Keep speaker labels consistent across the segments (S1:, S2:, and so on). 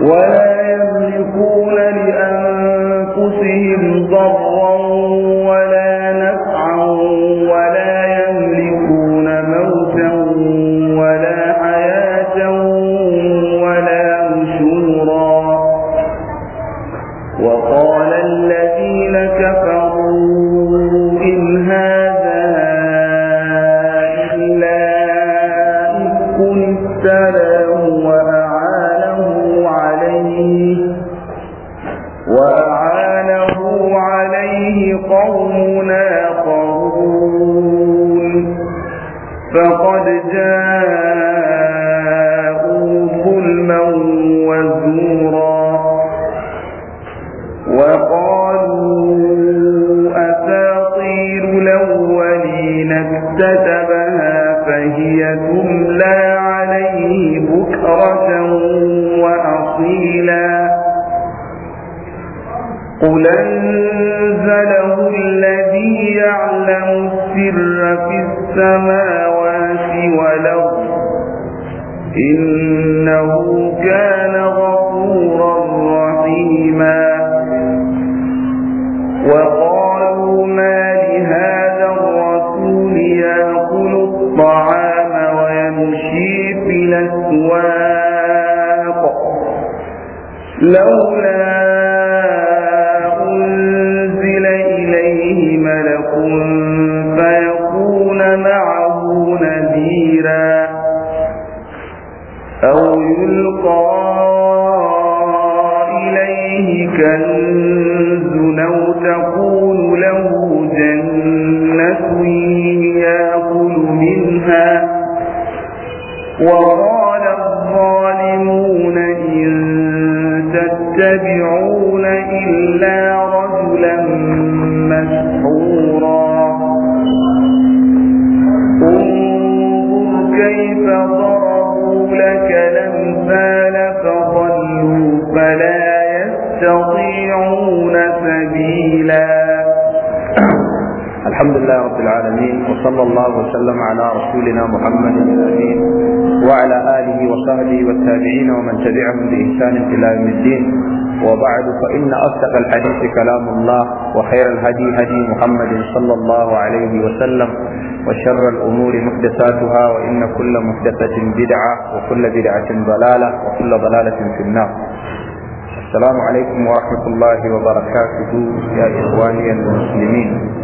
S1: What.
S2: السماوات والأرض إنه كان غفورا رحيما وقالوا ما لهذا الرسول يأكل الطعام ويمشي في الأسواق لولا
S3: الحمد لله رب العالمين وصلى الله وسلم على رسولنا محمد الامين وعلى اله وصحبه والتابعين ومن تبعهم باحسان الى يوم الدين وبعد فان اصدق الحديث كلام الله وخير الهدي هدي محمد صلى الله عليه وسلم وشر الامور محدثاتها وان كل محدثه بدعه وكل بدعه ضلاله وكل ضلاله في النار السلام عليكم ورحمه الله وبركاته يا اخواني المسلمين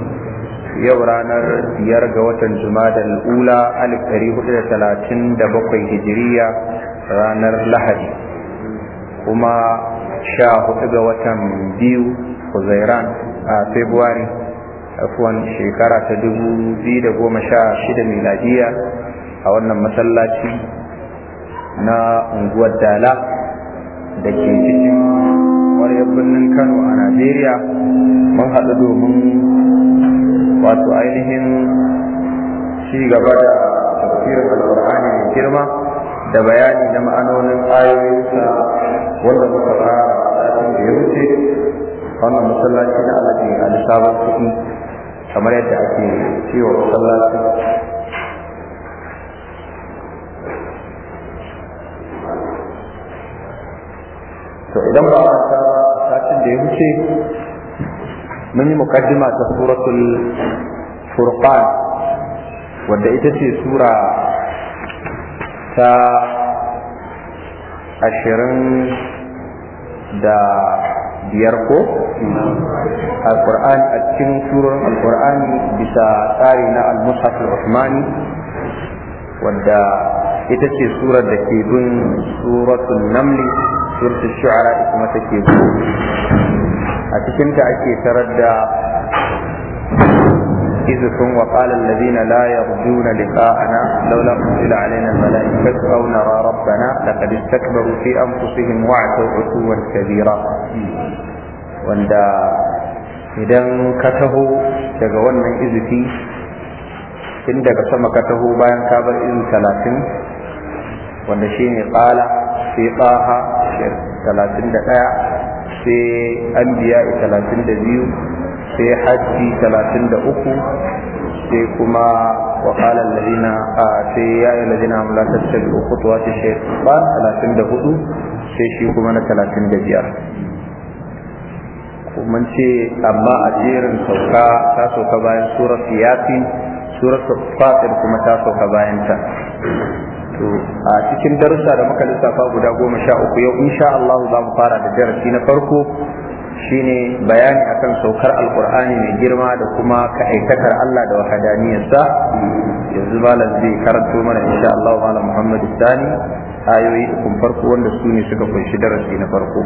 S3: yau ranar biyar ga watan jumadal ula alif ɗari hudu da talatin da bakwai hijiriya ranar lahadi kuma sha hudu ga watan biyu huzairan a februari afuwan shekara ta dubu biyu da goma sha shida miladiya a wannan masallaci na unguwar dala da ke
S2: cikin ƙwaryar birnin
S3: kano a najeriya mun haɗu domin wato ainihin shi gaba da tafiyar alƙur'ani mai girma da bayani na ma'anonin ayoyinsa wanda muka a satin da ya wuce wannan masallaci na alaji a sabon kuɗi kamar yadda ake cewa masallaci
S1: to idan ba da ya wuce
S3: mun yi mukaddima ta suratul furqan wadda ita ce sura ta ashirin da biyar ko alkur'ani a cikin surar alkur'ani bisa tsari na al al-usmani wadda ita ce surar da ke bin suratul namli suratul shu'ara ita kuma take bin a cikinta ake tarar da izufin wa qala alladhina la yarjuna liqa'ana laula unzila alaina almala'ikatu aw nara rabbana laqad istakbaru fi anfusihim wa 'ataw 'utuwan kabira wanda idan ka taho daga wannan izifi in daga sama ka taho bayan ka bar izu talatin wanda shi ne ƙala sai ƙaha talatin da ɗaya sai anbiya 32 sai hajji 33 sai kuma وقال الذين آتي يا الذين هم لا تتبعوا خطوات الشيطان 34 sai shi kuma na 35 mun ce amma a jerin sauka ta sauka bayan surar yasin surar fatir kuma ta sauka bayan ta to a cikin darussa da muka lissafa guda goma sha uku yau insha Allah za mu fara da darasi na farko shine bayani akan saukar alkur'ani mai girma da kuma ka'aikatar Allah da wahadaniyarsa yanzu malam zai karanto mana insha Allah malam Muhammad Sani ayoyi kun farko wanda su ne suka kunshi darasi na farko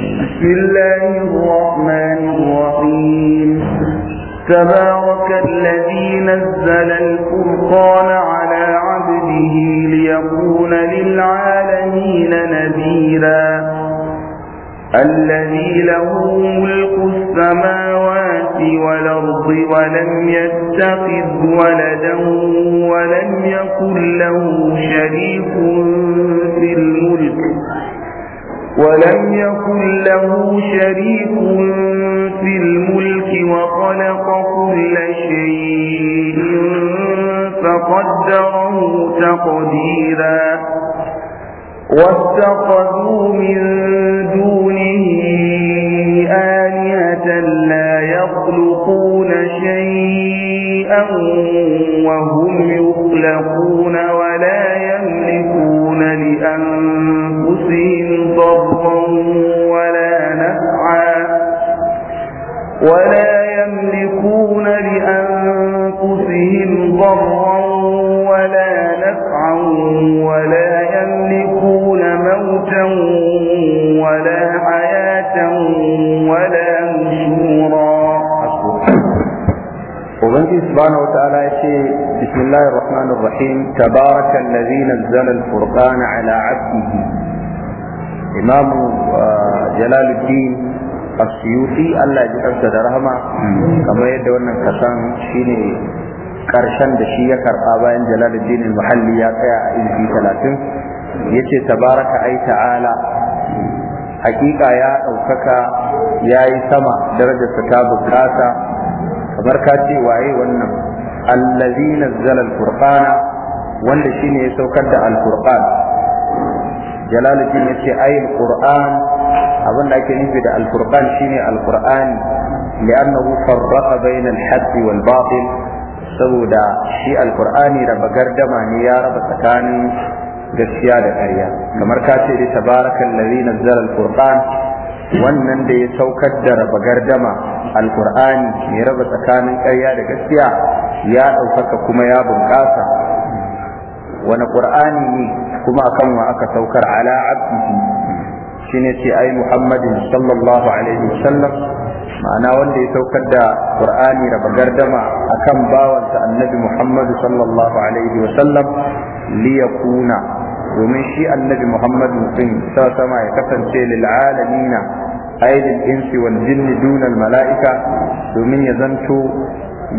S2: بسم الله الرحمن الرحيم تبارك الذي نزل الفرقان على عبده ليكون للعالمين نذيرا الذي له ملك السماوات والأرض ولم يتخذ ولدا ولم يكن له شريك في الملك ولم يكن له شريك فقدره تقديرا واتخذوا من دونه آلهة لا يخلقون شيئا وهم يخلقون ولا يملكون لأنفسهم ضرا ولا نفعا ولا يملكون لأنفسهم ضرا ولا يملكون موتا ولا حياة ولا نشورا
S1: وبنجي
S3: سبحانه وتعالى شيء بسم الله الرحمن الرحيم تبارك الذي نزل الفرقان على عبده إمام آه، جلال الدين السيوطي الله يجعل رحمه كما يدعو أن شيني karshen da shi ya karba bayan jalaluddin muhalli ya tsaya a inji talatin ya ce tabaraka ai ta'ala hakika ya ɗaukaka ya yi sama darajarsa ta bukata kamar ka ce waye wannan allazi nazzala alqur'ana wanda shine ya saukar da alqur'an jalaluddin ya ce ai alqur'an abin da ake nufi da alqur'an shine alqur'ani li'annahu farraqa bainal haqqi wal batil saboda shi alkur'ani raba gardama ne ya raba tsakanin gaskiya da ƙarya kamar ka ce dai tabarakan lalli nazzar alkur'an wannan da ya saukar da raba gardama alkur'ani ya raba tsakanin ƙarya da gaskiya ya ɗaukaka kuma ya bunƙasa wani ƙur'ani ne kuma akan wa aka saukar ala abdihi shine ce ai muhammadin sallallahu alaihi wasallam ma'ana wanda ya saukar da qur'ani raba gardama akan bawansa annabi muhammadu sallallahu alaihi wa sallam liyakuna domin shi annabi muhammadu din ta sama ya kasance lil alamina ay lil insi wal jinni malaika domin ya zanto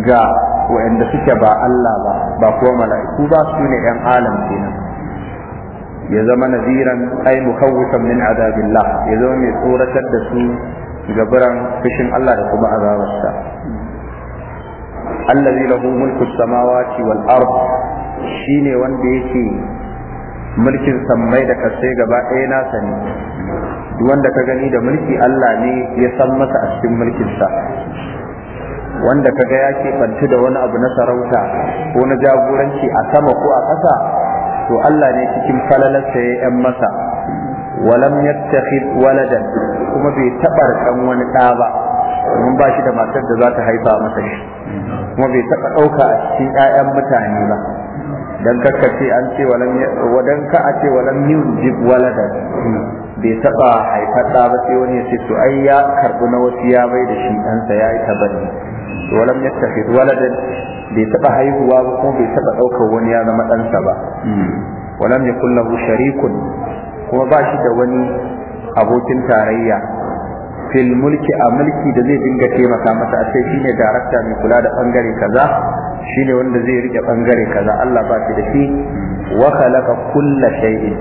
S3: ga wa'anda suke ba Allah ba ba kuwa mala'iku ba su ne yan alam kenan ya zama naziran ay mukhawifan min azabillah ya zama mai tsoratar da su biran fushin Allah da kuma azabarsa allazi lahu mulku samawati wal ard shine wanda yake mulkin sammai da kasai gaba ɗaya na sani, duk wanda ka gani da mulki Allah ne ya san masa a cikin mulkinsa wanda ka ga ya fanti da wani abu na sarauta ko na jagoranci a sama ko a ƙasa to Allah ne cikin falalarsa ya 'yan masa walam yattakhid waladan kuma bai taɓa kan wani ɗa domin ba shi da matar da za ta haifa masa shi kuma bai taɓa ɗauka a cikin 'ya'yan mutane ba dan kaka ce an ce walam wadan ka a ce walam bai taɓa haifar ɗa ba sai wani ya ce to ai ya karɓi na wasu ya bai da shi ɗansa ya yi tabari walam yattakhid waladan bai taɓa haihuwa ba kuma bai taɓa ɗaukar wani ya zama ɗansa ba walam ya lahu sharikun kuma ba shi da wani abokin tarayya fil mulki a mulki da zai dinga taimaka masa a sai shine darakta mai kula da bangare kaza shine wanda zai rike bangare kaza Allah ba shi da shi wa khalaqa kulla shay'in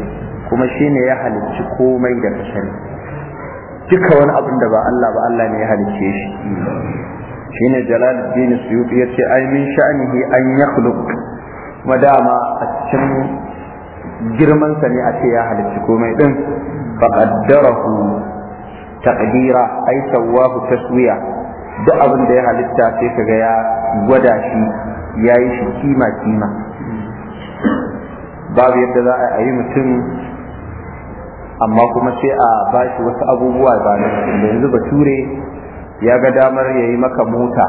S3: kuma shine ya halicci komai da kashin duka wani abin da ba Allah ba Allah ne ya halicce shi shine Jalaluddin Suyuti yace ai min sha'nihi an yakhluq madama a cikin girman sa ne a ce ya halicci komai din qaddarahu taqdira ay sawahu taswiya duk abin da ya halitta sai kaga ya gwada shi yayi shi kima kima babu yadda za a yi mutum amma kuma sai a bashi wasu abubuwa ba na yanzu bature ya ga damar ya yi maka mota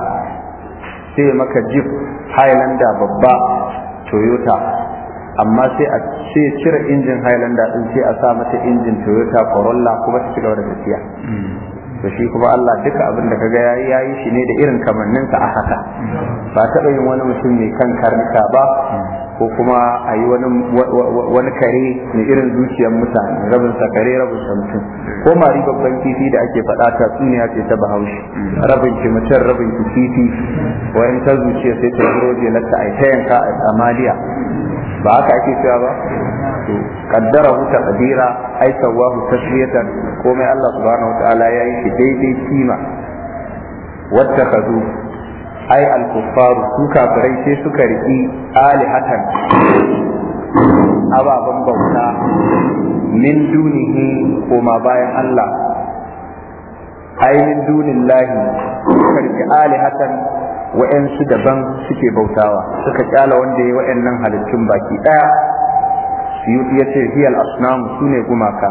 S3: sai maka jeep highlander babba toyota amma sai a ce cire injin highlander din sai a sa mata injin toyota corolla kuma ta ci gaba da tafiya hmm. to shi kuma Allah duka abin da kaga yayi yayi shi ne da irin kamannin ka a haka ba taɓa yin wani mutum mai kan karnuka ba ko kuma a yi wani kare mai irin zuciyar mutane rabin sa kare rabin sa mutum ko riba babban kifi da ake faɗa ta tsuniya ce ta bahaushe rabin ki mutum rabin ki kifi wayan ta zuciya sai ta zuro je ta yanka a amaliya ba haka ake cewa ba qaddarahu taqdira ay sawahu tashriyatan komai Allah subhanahu wataala ya yi shi daidai kima wattakhadhu ay al-kuffar su kafirai sai suka riki alihatan ababen bauta min dunihi koma bayan Allah ay min dunillahi suka riki alihatan wa'yansu daban suke bautawa suka kyala wanda ya yi wa'yannan halittun baki ɗaya. suyuti ya ce hiyal asnamu su ne gumaka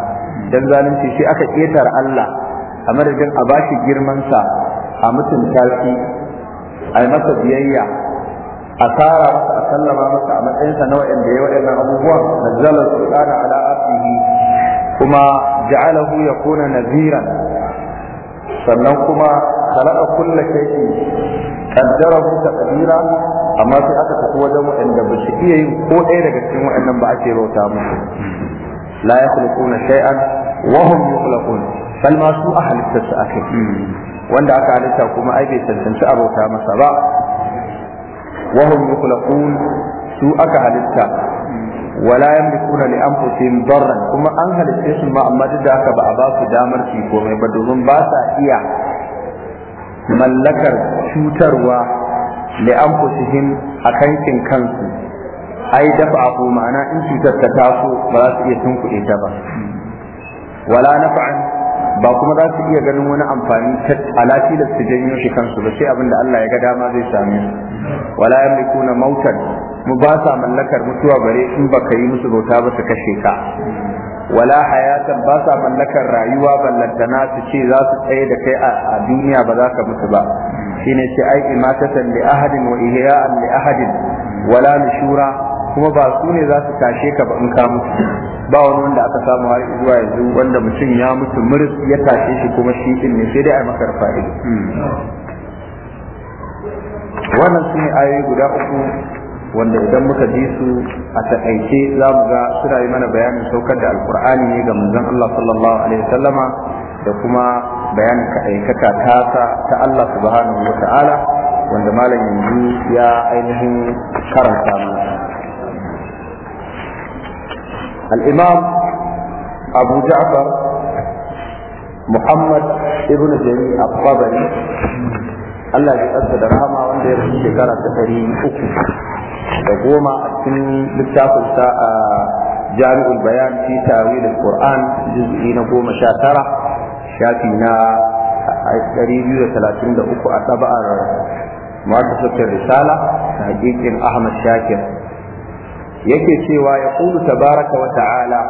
S3: dan zalunci shi aka ƙetar Allah a madadin a bashi girmansa a mutunta shi a masa biyayya a tsara masa a sallama masa a matsayinsa na waɗanda ya waɗannan abubuwan su sultana ala asihi kuma ja'alahu yakuna naziran sannan kuma khalaqa kulla kaifi. qaddarahu taqdira amma sai aka tafi wajen waɗanda ba su iya yin ko ɗaya daga cikin waɗannan ba ake bauta musu la yakhluquna shay'an wa hum yukhlaqun bal ma su a halittarsu akai wanda aka halitta kuma ai bai tantance a bauta masa ba wa hum yukhlaqun su aka halitta wala yamlikuna li anfusihim darran kuma an halitta su ma amma duk da aka ba a ba su damar su komai ba domin ba sa iya mallakar cutarwa li anfusihim akan kin kansu
S1: ai abu,
S3: ma'ana in cutar ta taso ba za su iya tunkuɗe ta ba wala nafa'an ba kuma za su iya ganin wani amfani ta alati da su janyo shi kansu ba sai abin da Allah ya ga dama zai same su wala yamlikuna mautan mu ba sa mallakar mutuwa bare in baka yi musu bauta ba su kashe ka wala hayatan ba sa mallakar rayuwa ballantana su ce za su tsaye da kai a duniya ba za ka mutu ba shine ce ai imatatan li ahadin wa ihya'an li ahadin wala nushura kuma ba su ne za su tashe ka ba in ka mutu ba wani wanda aka samu har zuwa yanzu wanda mutum ya mutu muris ya tashe shi kuma shi din ne sai dai a makar fa'ido hmm. wannan sune ayoyi guda uku wanda idan muka ji su a taƙaice za mu ga suna yi mana bayanin saukar da alkur'ani ne ga manzon Allah sallallahu alaihi Sallama, da kuma bayanin kaɗaikaka tasa ta Allah subhanahu wa ta'ala wanda malam yanzu ya ainihin karanta mana al-imam abu muhammad ibn jarir al-tabari Allah ya tsada da rahama wanda ya rubuta shekara ta uku. da goma a cikin littafin sa a jami'ul bayan fi tawil al-qur'an juz'i na goma sha tara shafi na ɗari biyu da talatin da uku a taba'ar mu'assasatul risala ta hakikin ahmad shakir yake cewa ya qulu tabaraka wa ta'ala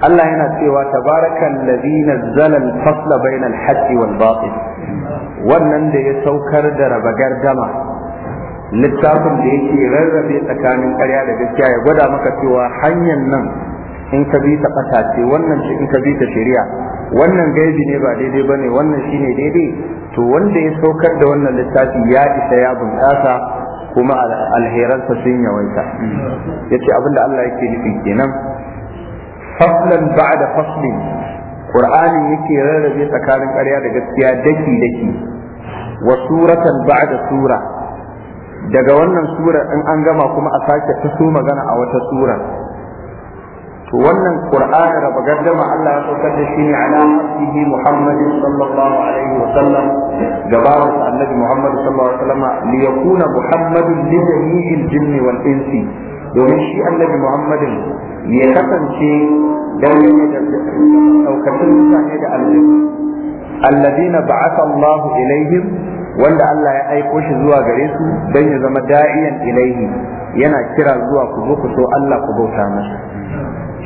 S3: Allah yana cewa tabarakan ladhi nazzala fasla bayna al-haqqi wal batil wannan da ya saukar da raba gardama littafin da yake rarrabe tsakanin ƙarya da gaskiya ya gwada maka cewa hanyar nan in ka bi ta fata ce wannan shi in ka bi ta shari'a wannan gaibi ne ba daidai ne wannan ne daidai to wanda ya saukar da wannan littafi ya isa ya bunƙasa kuma alheransa sun yawaita yace abinda Allah yake nufi kenan faslan ba'da faslin qur'ani yake rarrabe tsakanin ƙarya da gaskiya daki daki wa suratan ba'da sura daga wannan sura in an gama kuma a sake taso magana a wata sura to wannan qur'ani raba gardama Allah ya saukar da shi ne ala nabihi Muhammad sallallahu alaihi wa sallam gabawa annabi Muhammad sallallahu alaihi wa sallam li yakuna Muhammadun li jami'il jinni wal insi domin shi annabi Muhammadin ya kasance dangane da daukacin mutane da aljanna alladina ba'atha Allahu ilaihim wanda Allah ya aiko shi zuwa gare su don ya zama da'iyan ilaihi yana kira zuwa ku zo ku so Allah ku bauta masa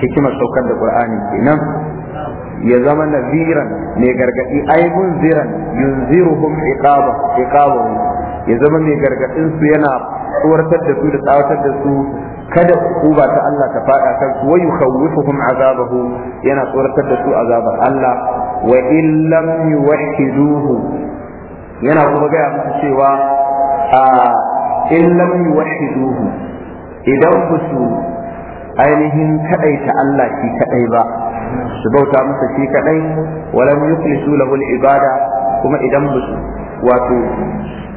S3: hikimar saukar da Qur'ani kenan ya zama naziran mai gargadi ai munziran yunziruhum iqaba iqaba ya zama mai gargadin su yana tsoratar da su da tsawatar da su kada uba ta Allah ta faɗa kan su wa yukhawifuhum azabahu yana tsoratar da su azabar Allah wa illam yuwahhiduhu yana kuma gaya musu cewa a in lam yuwahhiduhu idan su ainihin kadaita Allah shi kadai ba su bauta masa shi kadai walam yukhlisu lahu ibada kuma idan su wato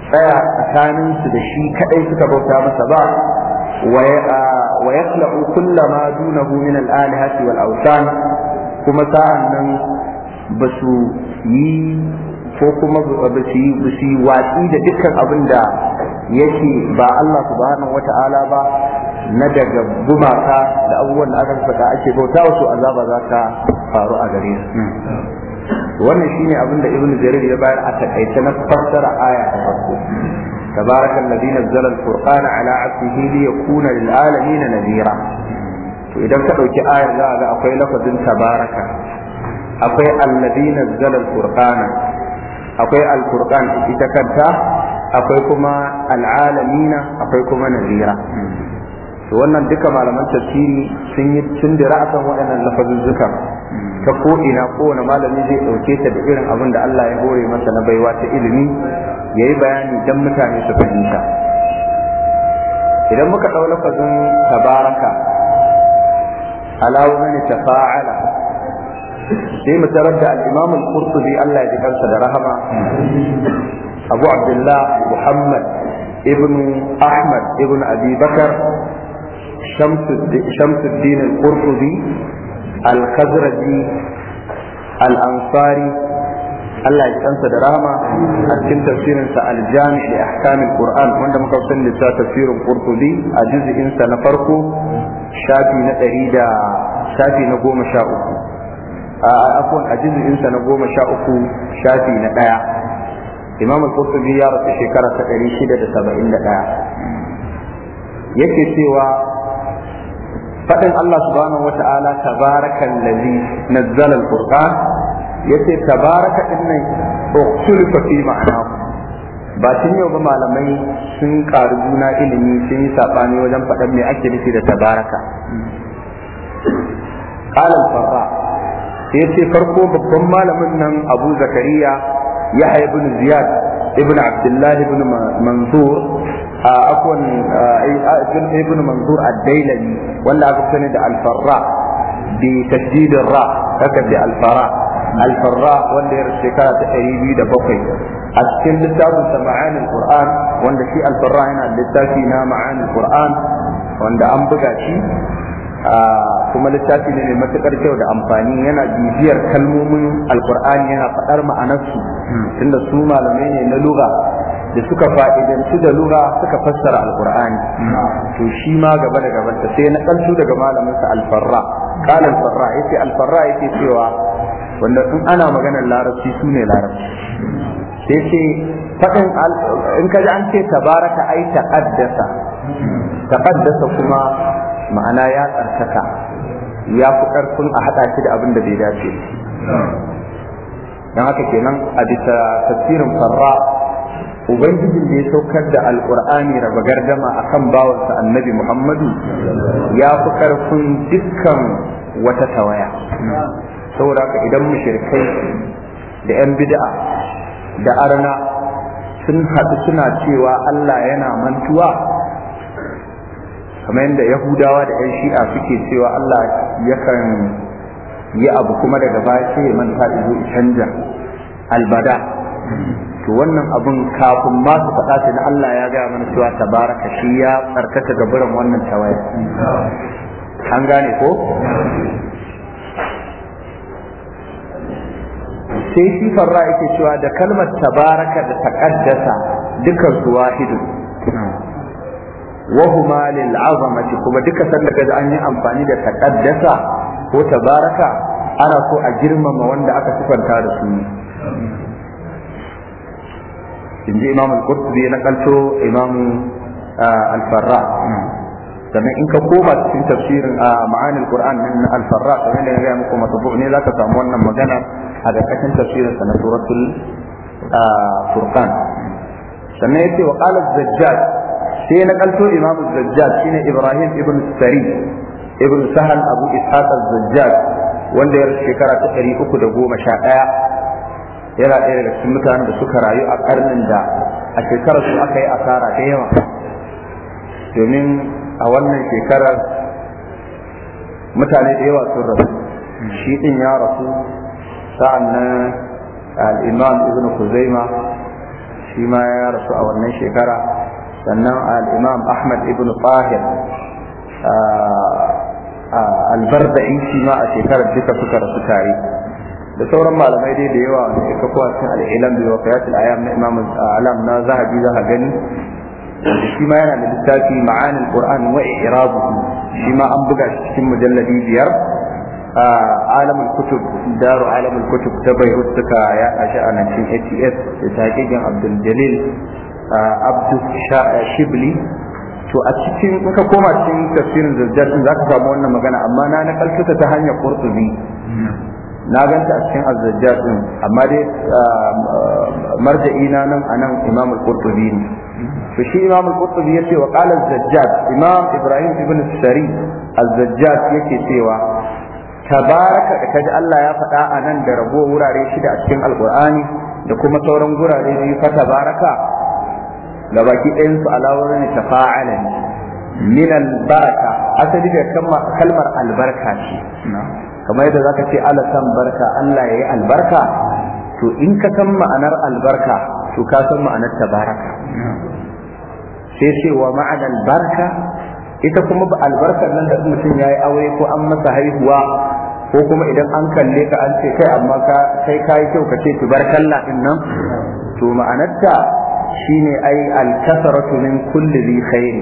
S3: tsaya tsakanin su da shi kadai suka bauta masa ba wa yakhluqu kulla ma dunahu min al-alihati wal kuma sa'an nan basu yi ko kuma ba su yi ba su yi watsi da dukkan abin da yake ba Allah subhanahu wata'ala ba na daga gumaka da abubuwan da aka faɗa ake bauta wasu azaba za ta faru a gare su hmm. wannan shine abin da ibnu jarir ya bayar a takaice na fassara aya ta farko تبارك الذي نزل الفرقان على عبده ليكون للعالمين نذيرا idan ka ɗauki ayar za a ga akwai lafazin tabaraka akwai allazi nazzala alqur'ana akwai alkur'an ita kanta akwai kuma al'alamina akwai kuma nazira to wannan duka malaman tafsiri sun yi tun tundira akan waɗannan lafazuzzukan ta ko ina kowane malami zai ɗauke ta da irin abin da Allah ya hore masa na baiwa ta ilimi ya yi bayani don mutane su fahimta idan muka ɗau lafazin tabaraka alawu mani tafa'ala sai mu tarar da al-Imam al-Qurtubi Allah ya ji da rahama Abu Abdullah Muhammad ibn Ahmad ibn Abi Bakar Shamsuddin al-Qurtubi al ansari Allah ya kansa da rahama a cikin tafsirin sa al-Jami' li al-Qur'an wanda muka san da tafsirin Qurtubi a juz'in na farko shafi na 100 da shafi na a afwan a juz'insa na goma sha uku shafi na ɗaya imam al-qurtubi ya rasu shekara ta ɗari shida da saba'in da ɗaya yake cewa faɗin Allah subhanahu wa ta'ala tabarakan lazi nazzala al-qur'an yace tabaraka dinnan uktulifa fi ma'anahu ba tun yau ba malamai sun karu juna ilimi sun yi saɓani wajen faɗan me ake nufi da tabaraka qala al-farra sai yace farko babban malamin nan Abu Zakariya ya ibn Ziyad ibn Abdullahi ibn Mansur a akwan ibn Mansur ad-Dailami wanda aka sani da alfarra farra bi tasdid ra haka bi alfarra. Alfarra wanda ya shekara ta 207 a cikin littafin sa ma'anin Qur'an wanda shi alfarra farra yana littafi na ma'anin Qur'an wanda an buga shi kuma littafi ne mai matukar kyau da amfani yana bibiyar kalmomin alkur'ani yana faɗar ma'anarsu tunda su malamai ne na lura da suka fa'idantu da lura suka fassara alkur'ani to shi ma gaba da ta sai na ɗansu daga malaminsa alfarra kalan farra yake alfarra yake cewa wanda in ana maganar larabci su ne larabci sai ce faɗin in ka ji an ce tabaraka ai taqaddasa taqaddasa kuma ma'ana ya tsarkaka ya fi ƙarfin a haɗa shi da abin da bai dace don haka kenan a bisa tafsirin farra ubangijin da ya saukar da alƙur'ani raba gardama akan kan bawansa annabi muhammadu ya fi ƙarfin dukkan wata tawaya saboda haka idan mushrikai da 'yan bid'a da arna sun haɗu suna cewa allah yana mantuwa kamar yadda yahudawa da yan shi'a suke cewa Allah yakan yi abu kuma daga baya sai ya manta izo canja albada to wannan abun kafin ma su faɗa ta na Allah ya gaya mana cewa tabaraka shi ya tsarkaka gaburan wannan tawaya an gane ko sai shi farra yake cewa da kalmar tabaraka da takaddasa dukan su wahidu wa huma lil azamati kuma duka sallaka da an yi amfani da taqaddasa ko ta baraka ana so a jirmama wanda aka sifanta da su inji imam al-qurtubi na kalto imam ah, al-farra sannan in ka koma cikin tafsirin a ah, ma'anin qur'an nan na al-farra kamar da ya muku matabu ne zaka samu wannan magana a karkashin tafsirin sa na suratul ah, furqan sannan yace wa qala az sai na kalto imamu zajjaj shine ibrahim ibn sari ibn sahal abu ishaq zajjaj wanda ya shekara ta ɗari uku da goma sha ɗaya yana ɗaya daga cikin mutanen da suka rayu a ƙarnin da a shekarar su aka yi asara da yawa domin a wannan shekarar mutane da yawa sun rasu shi ɗin ya rasu sa'an nan al'imam ibn kuzaima shi ma ya rasu a wannan shekara sannan al ahmad ibn Fahim, albarda in shi ma a shekarar duka suka rasu tare da sauran malamai dai da yawa da suka kowa cikin al'ilam da waqiyat al-ayam na imam alam na zahabi za gani Da shi ma yana da littafi ma'anin qur'an wa i'rabuhu shi ma an buga shi cikin mujalladi biyar alam al-kutub daru alam kutub ta bai suka ya shi a 1988 da taqiqin Abdul Jalil abdu shibli to a cikin in ka koma cikin tafsirin zuljatin za ka samu wannan magana amma na na ta hanyar qurtubi na ganta a cikin azzajjar din amma dai marja'i na nan anan imam al-qurtubi ne to shi imam al-qurtubi yace wa qala az imam ibrahim ibn sari az yake cewa tabaraka da kaji Allah ya faɗa a nan da rago wurare shida a cikin alqur'ani da kuma sauran gurare biyu fa tabaraka ga baki ɗayan su alawar ne tafa'ala ne min albaraka asali da kalmar albarka ce kamar yadda zaka ce ala san barka Allah yayi albarka to in ka san ma'anar albarka to ka san ma'anar tabaraka sai ce wa ma'anar barka ita kuma ba albarkar nan da mutum yayi aure ko an masa haihuwa ko kuma idan an kalle ka an ce kai amma ka kai kai kyau ka ce tubarkalla din nan to ma'anarta shine ai alkasaratu min kulli dhi khair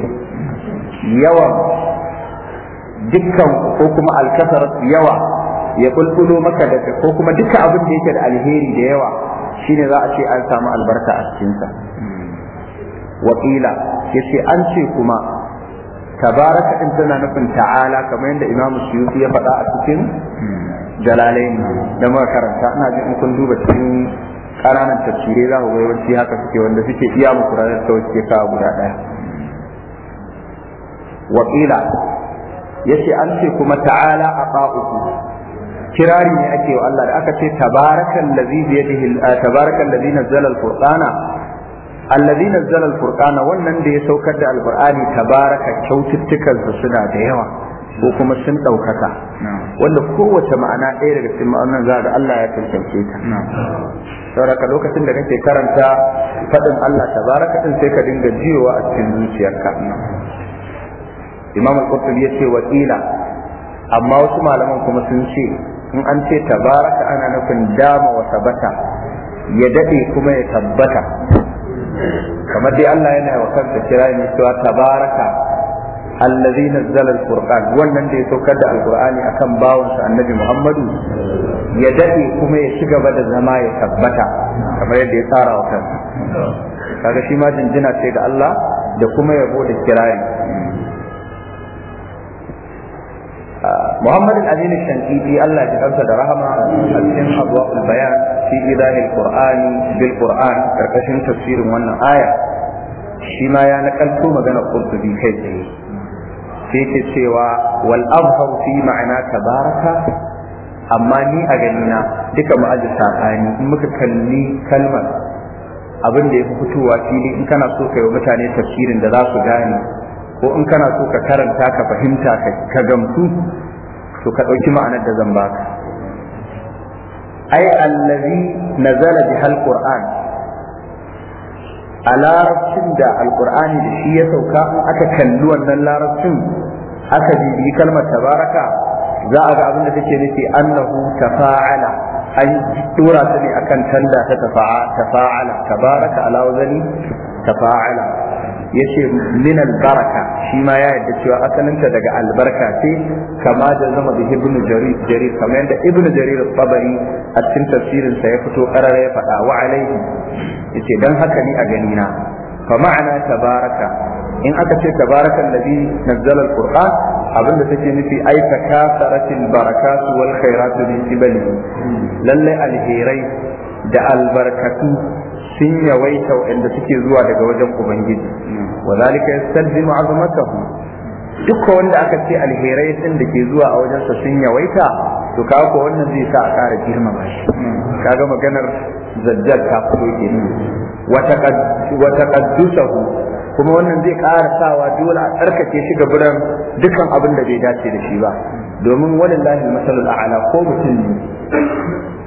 S3: yawan dukkan ko kuma alkasaratu yawa ya kulkulo maka da ko kuma duka abin da yake da alheri da yawa shine za a ce an samu albarka a cikinsa. Wakila wakila ce an ce kuma tabaraka ɗin tana nufin ta'ala kamar yadda imamu suyuti ya faɗa a cikin jalalain da muka karanta ina jin kun duba cikin ƙananan tafsirai za ku ga yawanci haka suke wanda suke iya muku ranar ta suke kawo guda ɗaya wakila ya ce an ce kuma ta'ala a ba'uku kirari ne ake wa Allah da aka ce tabarakan lazi biyadihi tabarakan lazi nazzala allazi nazzala wannan da ya saukar da al-qur'ani tabaraka kyaututtukan suna da yawa ko kuma sun ɗaukaka wanda kowace ma'ana ɗaya daga cikin ma'anar za ga Allah ya tantance ta sauraka lokacin da kake karanta faɗin Allah ta baraka din sai ka dinga jiyowa a cikin zuciyarka Imam al-Qurtubi ce wakila amma wasu malaman kuma sun ce in an ce tabaraka ana nufin dama wa sabata ya daɗe kuma ya tabbata kamar dai Allah yana wa kansa kira ne cewa tabaraka allazi nazzala alquran wannan da ya saukar da alqurani akan bawansa annabi muhammadu ya dade kuma ya ci gaba da zama ya tabbata kamar yadda ya tsara wa kansa kaga shi ma jinjina ce ga Allah da kuma ya da kirari ah, Muhammad al-Amin al Allah ya kansa da rahama a cikin Abwaul Bayan fi idahil Qur'an bil Qur'an karkashin tafsirin wannan aya shima ya nakalto magana Qurtubi kai sai cewa wal abhar fi ma'ana tabaraka amma ni a ganina duka ma'aji sakani in muka kalli kalmar abin da ya fi fitowa fili in kana so ka yi mutane tafsirin da za su gane ko in kana so ka karanta ka fahimta ka gamsu to ka ɗauki ma'anar da zan baka ai allazi nazala bihal qur'an a larabcin da alkur'ani da shi ya sauka aka kalli wannan larabcin aka bibiyi kalmar tabaraka za a ga abin da take nufi annahu tafa'ala an dora ta ne akan tanda ta tafa'ala tabaraka ala wazani tafa'ala yace min albaraka shi ma ya yadda cewa asalinta daga albarka ce kama da zama da ibn jarir jarir kamar yadda ibn jarir tabari a cikin tafsirin sa ya fito karara ya faɗa wa alaihi yace dan haka ni a gani na fa ma'ana tabaraka in aka ce tabaraka alladhi nazzala alquran abinda take nufi ai takasaratil barakatu wal khairatu min qibali lalle alherai da albarkatu sun yawaita waɗanda suke zuwa daga wajen ubangiji wa zalika yastalzimu azmatahu dukka wanda aka ce alherai din da ke zuwa a wajensa sun yawaita to kawo wannan zai sa a ƙara girmama shi kaga maganar zajjal ta fito ke ne wata taqaddusahu kuma wannan zai ƙara sawa dole a tsarkake shi ga biran dukkan abin da bai dace da shi ba domin wani walillahi masalul a'la ko mutum ne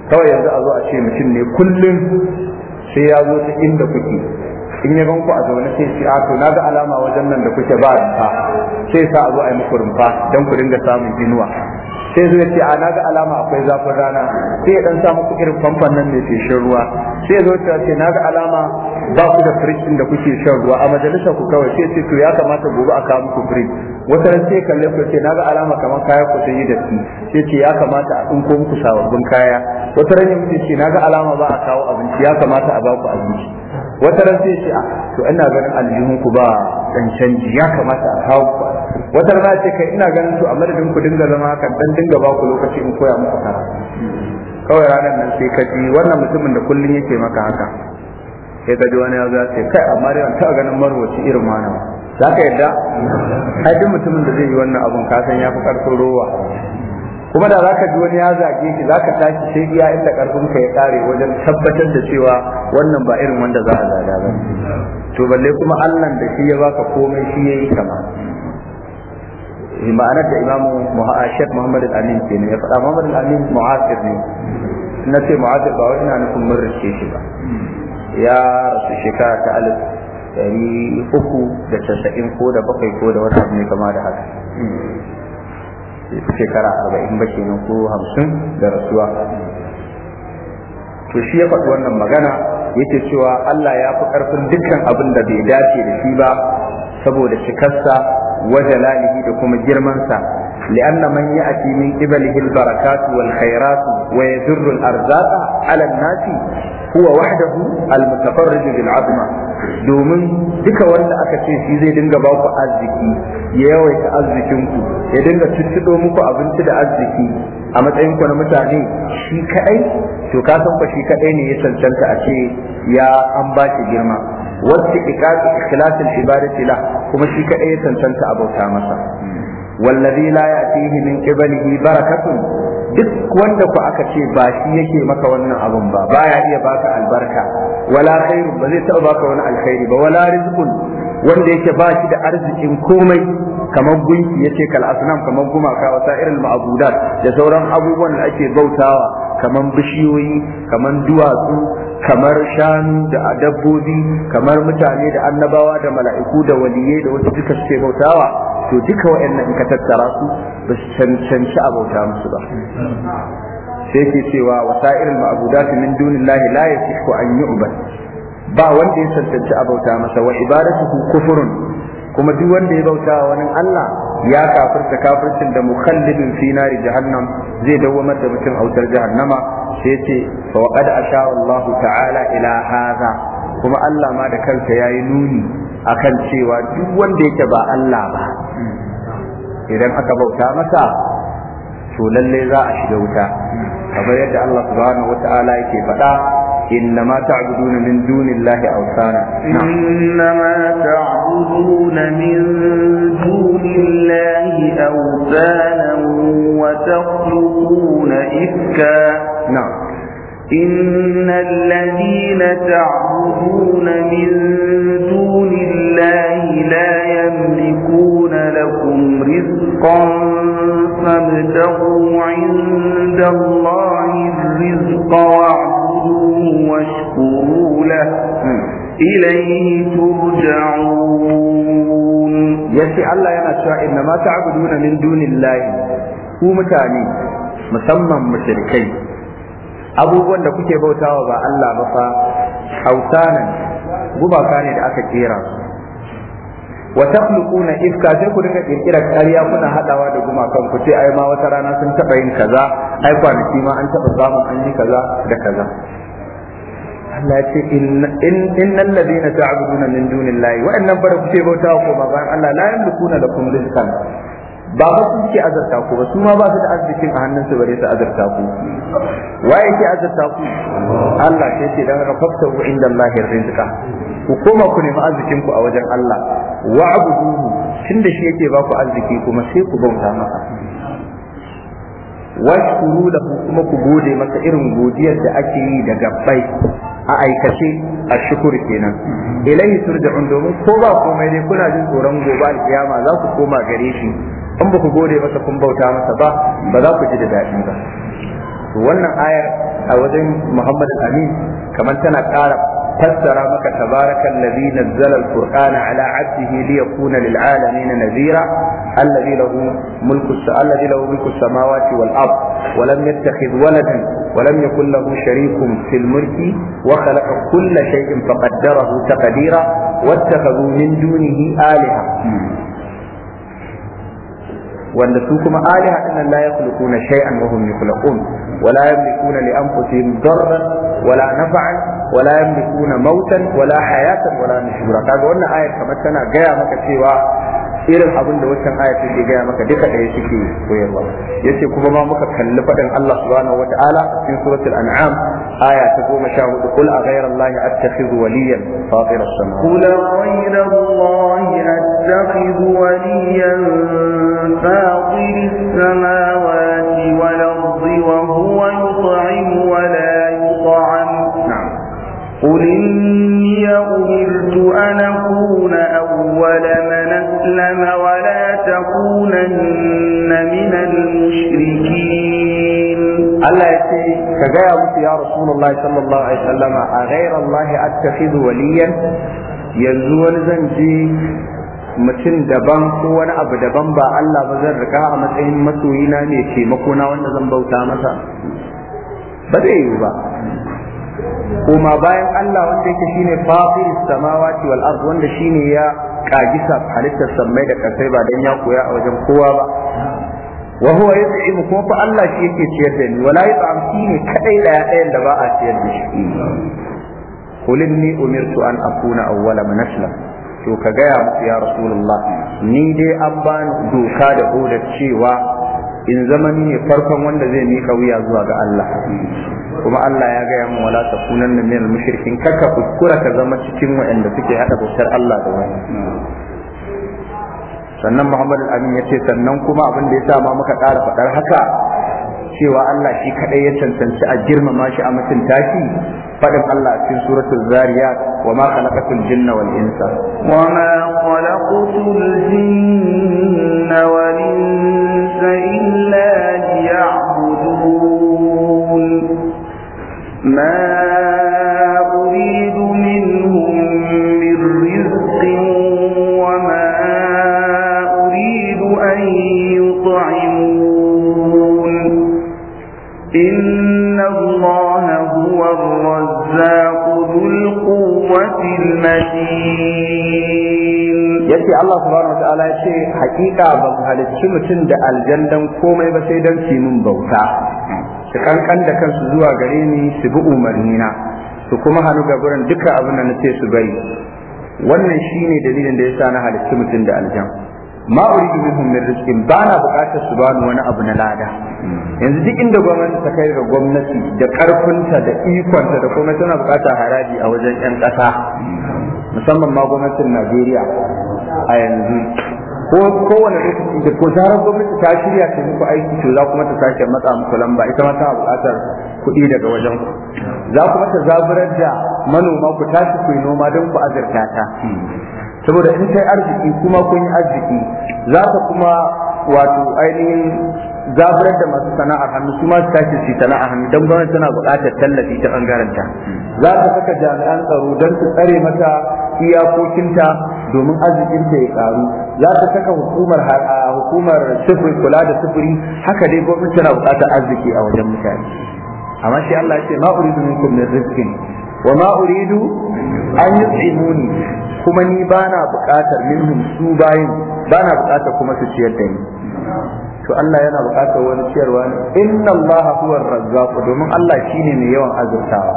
S3: kawai yanzu a zo a ce mutum ne kullum sai ya zo ta inda kuke in ya ganku a zaune sai shi to na ga alama wajen nan da kuke ba rumfa sai sa a zo a yi muku rumfa don ku dinga samun inuwa sai zai ce a naga alama akwai zafin rana sai ya dan sa muku irin famfan nan ne ke shan ruwa sai ya zo ya ce naga alama ba ku da fridge din da kuke shan ruwa a majalisar ku kawai sai ce to ya kamata gobe a kawo muku fridge wata ran sai kalle ku ce naga alama kamar kaya ku sai yi da shi sai ce ya kamata a dinko muku sababbin kaya wata ran ya mutu ce naga alama ba a kawo abinci ya kamata a ba ku abinci wata ran sai ce a ah, to ina ganin aljihun ku ba dan canji ya kamata a kawo ku wata ran ce kai ina ganin to a madadin ku dinga zama kan dan dinga ba ku lokaci in koya muku karatu kawai ranar nan sai ka ji wannan mutumin da kullun yake maka haka sai ka ji wani ya za ce kai amma dai ta ganin marwaci irin mana za ka yadda ai duk mutumin da zai yi wannan abun ka san ya fi karfin rowa kuma da zaka ji wani ya zage ki zaka tashi sai iya inda karfin ka ya kare wajen tabbatar da cewa wannan ba irin wanda za a zaga ba to balle kuma Allah da shi ya baka komai shi yayi kama ma'anar da imamu Sheikh Muhammad Al-Amin ke ne ya faɗa Muhammad Al-Amin mu'asir ne na ce mu'asir ba wai ina nufin mun rike shi ba ya rasu shekara ta alif ɗari uku da casa'in ko da bakwai ko da wani abu ne kama da haka shekara arba'in ba kenan ko hamsin da rasuwa to shi ya faɗi wannan magana yake cewa Allah ya fi ƙarfin dukkan abin da bai dace da shi ba saboda cikarsa wajen lalihi da kuma girmansa لأن من يأتي من قبله البركات والخيرات ويذر الأرزاق على الناس هو وحده المتفرج بالعظمة domin duka wanda aka ce shi zai dinga ba ku arziki ya yawaita arzikinku ya dinga tuttuɗo muku abinci da arziki a matsayinku na mutane shi kaɗai to ka san shi kaɗai ne ya cancanta a ce ya an ba shi girma wasu ikhlasul ibadati la kuma shi kaɗai ya cancanta a bauta masa wallazi la ya'tihi min qiblihi barakatun duk wanda ku aka ce ba shi yake maka wannan abun ba baya iya baka albarka wala khairu ba zai taɓa baka wani alkhairi ba wala rizqun wanda yake ba shi da arzikin komai kamar gunki yace kal asnam kamar gumaka wa sa'irul ma'budat da sauran abubuwan da ake bautawa kamar bishiyoyi kamar duwatsu kamar shanu da dabbobi kamar mutane da annabawa da mala'iku da waliyai da wasu duka suke bautawa to duka wa'annan in ka tattara su ba su cancanci a bauta musu ba sai ke cewa sa'irul ma'budat min dunillahi la yasihu an yu'bad ba wanda ya cancanci a bauta masa wa ibadatu kufurun. kuma duk wanda ya bauta wa wani Allah ya kafirta kafircin da mukhallidin fi da jahannam zai dawwamar da mutum a wutar jahannama sai ce fa waqad asha Allah ta'ala ila hadha kuma Allah ma da kansa yayi nuni akan cewa duk wanda yake ba Allah ba idan aka bauta masa to lalle za a shiga wuta kamar yadda Allah subhanahu wata'ala yake faɗa إنما تعبدون من دون الله أوثانا نعم.
S2: إنما تعبدون من دون الله أوثانا وتخلقون إفكا نعم إن الذين تعبدون من دون الله لا يملكون لكم رزقا فابتغوا عند الله الرزق واعبدوا فاعبدوه Allah yana إليه ترجعون
S3: يسي الله ينشاء إنما تعبدون من دون ku mutane musamman mushrikai abubuwan da kuke bautawa ba Allah ba fa hautanan gubaka ne da aka kera wa takhluquna ifka sai ku dinga kirkira ƙarya kuna hadawa da gumakan ku sai ai ma wata rana sun taba yin kaza ai kwanaki ma an taba samun an yi kaza da kaza Allah ya ce innal ladina ta'buduna min dunillahi wa annam bara kuce bauta ko ba bayan Allah la yamlikuna lakum rizqan ba ba sun ke azarta ku ba su ma ba su da arzikin a hannun hannunsu bare su azarta ku waye ke azarta ku Allah sai ce dan rafafta inda Allahir rizqa ku koma ku nemi arzikin ku a wajen Allah tun da shi yake ba ku arziki kuma sai ku bauta masa wa shukuru da kuma ku gode masa irin godiyar da ake yi da gabbai a aikace a shukur kenan ilahi turja'un domin ko ba komai dai kuna jin tsoron gobe alkiyama za ku koma gare shi in ba ku gode masa kun bauta masa ba ba za ku ji da daɗi ba wannan ayar a wajen Muhammad Amin kamar tana ƙara فسر مكة تبارك الذي نزل القرآن على عبده ليكون للعالمين نذيرا الذي له ملك الذي له ملك السماوات والأرض ولم يتخذ ولدا ولم يكن له شريك في الملك وخلق كل شيء فقدره تقديرا واتخذوا من دونه آلهة wanda su kuma Ali din la yakhluquna shay'an wa hum yakhluqun wa la yamlikuna li anfusihim darran wa la naf'an wa la yamlikuna mautan wa la hayatan wa la nushura kaga wannan ayar kamar tana gaya maka cewa irin abin da wancan aya take gaya maka duka ɗaya suke koyarwa yace kuma ma muka kalli faɗin Allah subhanahu wata'ala cikin suratul an'am aya ta goma sha hudu qul a ghayra allahi attakhidhu waliyan fatir as-samawati qul a
S2: ghayra allahi attakhidhu waliyan فاطر السماوات والأرض وهو يطعم ولا يطعم نعم. قل إني أمرت أن أكون أول من أسلم ولا تكونن من المشركين الله يتي كجاء يا رسول
S3: الله صلى الله عليه
S2: وسلم أغير
S3: الله أتخذ وليا يزول زنجي mutum daban ko wani abu daban ba Allah ba zan riga a matsayin masoyina ne taimako na wanda zan bauta masa ba zai yiwu ba kuma bayan Allah wanda yake shine fatir samawati wal ard wanda shine ya kagisa halittar sammai da kasai ba dan ya koya a wajen kowa ba wa huwa yut'imu kuma fa Allah shi yake ciyar da ni wala yut'am ne kadai da ɗayan da ba a ciyar da shi qul inni umirtu an akuna awwala man aslama to ka gaya musu ya rasulullah ni dai an ba ni doka da odar cewa in zama ni ne farkon wanda zai mika wuya zuwa ga Allah kuma Allah ya gaya mu wala nan min mushrikin kaka kuskura ka zama cikin waɗanda suke hada bautar Allah da wani sannan Muhammad al-Amin ya ce sannan kuma abin da ya sa ma muka ƙara faɗar haka cewa Allah shi kaɗai ya cancanci a girmama shi a mutunta shi faɗin Allah a cikin suratul zariyat وما خلقت الجن والإنس
S2: وما خلقت الجن والإنس إلا ليعبدون ما أريد منهم من رزق وما أريد أن يطعمون إن الله هو الرزاق yake Allah Allah subhanahu
S3: wataala ya ce hakika ba su halicci mutum da aljandan komai ba sai don su min bauta su kankan da kansu zuwa gare ni su bi umarnina su kuma hannu ga gurin duka abin da ce su bari wannan shi ne dalilin da ya sa na halicci mutum da aljan ma uridu minhum min rizqin bana bukatar su bani wani abu na lada yanzu duk inda gwamnati ta kai ga gwamnati da karfinta da ikonta da kuma tana bukatar haraji a wajen yan kasa musamman ma gwamnatin Najeriya a yanzu ko kowane lokaci da ko zarar gwamnati ta shirya ta muku aiki to za kuma ta sake matsa muku lamba ita ma tana bukatar kuɗi daga wajen ku za kuma ta zaburar da manoma ku tashi ku yi noma don ku azurta ta saboda in kai arziki kuma kun yi arziki za ka kuma wato ainihin zaburar da masu sana'a hannu kuma su masu tashi su sana'a hannu don gwamnati tana buƙatar tallafi ta ɓangarenta za ta saka jami'an tsaro don su tsare mata iyakokinta domin arzikinta ya ƙaru za ta saka hukumar hukumar sufuri kula da sufuri haka dai gwamnati tana buƙatar arziki a wajen mutane amma shi Allah ya ce ma uridu minkum min rizqin wa ma uridu an yut'imuni kuma ni bana buƙatar minhum su bayin bana buƙatar kuma su ciyar da ni to Allah yana buƙatar wani ciyarwa ne inna Allah huwa razzaq domin Allah shine mai yawan azurtawa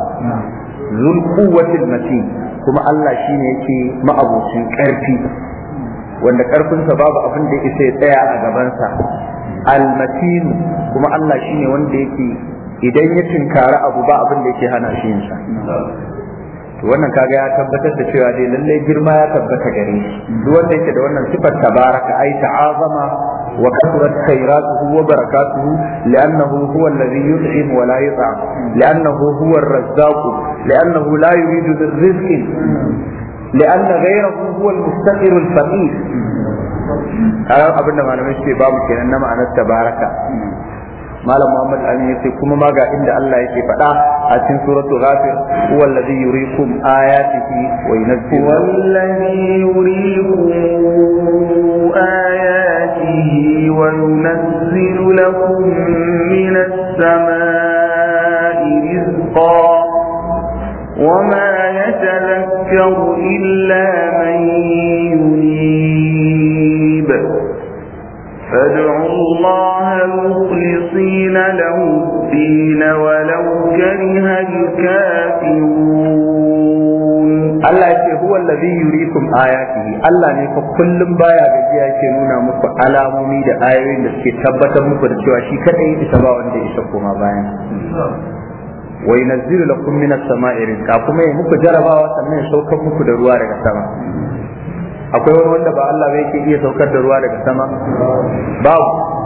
S3: zul quwwatil matin kuma Allah shine yake ma'abucin ƙarfi wanda ƙarfinsa babu abin da yake ya tsaya a gabansa al-matin kuma Allah shine wanda yake idan ya tinkara abu ba abin da yake hana shi yinsa to wannan kaga ya tabbatar da cewa dai lallai girma ya tabbata gare shi duk wanda yake da wannan sifar tabaraka ai ta'azama wa kasrat khairatuhu wa barakatuhu li'annahu huwa alladhi yut'im wa la yut'am li'annahu huwa ar-razzaq li'annahu la yuridu rizq لأن غيره هو المستقر الفقير أبدا ما نمشي باب كنا معنى التباركة malam muhammad ali yace kuma ma ga inda Allah yake faɗa a cikin suratul ghafir huwa alladhi yuriikum ayatihi wa yunzilu huwa
S2: alladhi yuriikum ayatihi wa yunzilu lakum min as-samaa'i rizqan وما
S1: يتذكر
S2: إلا من ينيب فادعوا الله مخلصين له الدين ولو كره الكافرون الله يقول هو الذي يريكم آياته الله ne fa kullum baya
S3: gajiya yake nuna muku alamomi da ayoyin da suke tabbatar muku da cewa shi kadai isa ba wanda ya isa koma bayan wa yunazzilu lakum minas sama'i rizqa kuma ya muku jarabawa sannan ya saukar muku da ruwa daga sama akwai wani wanda ba Allah bai ke iya saukar da ruwa daga sama babu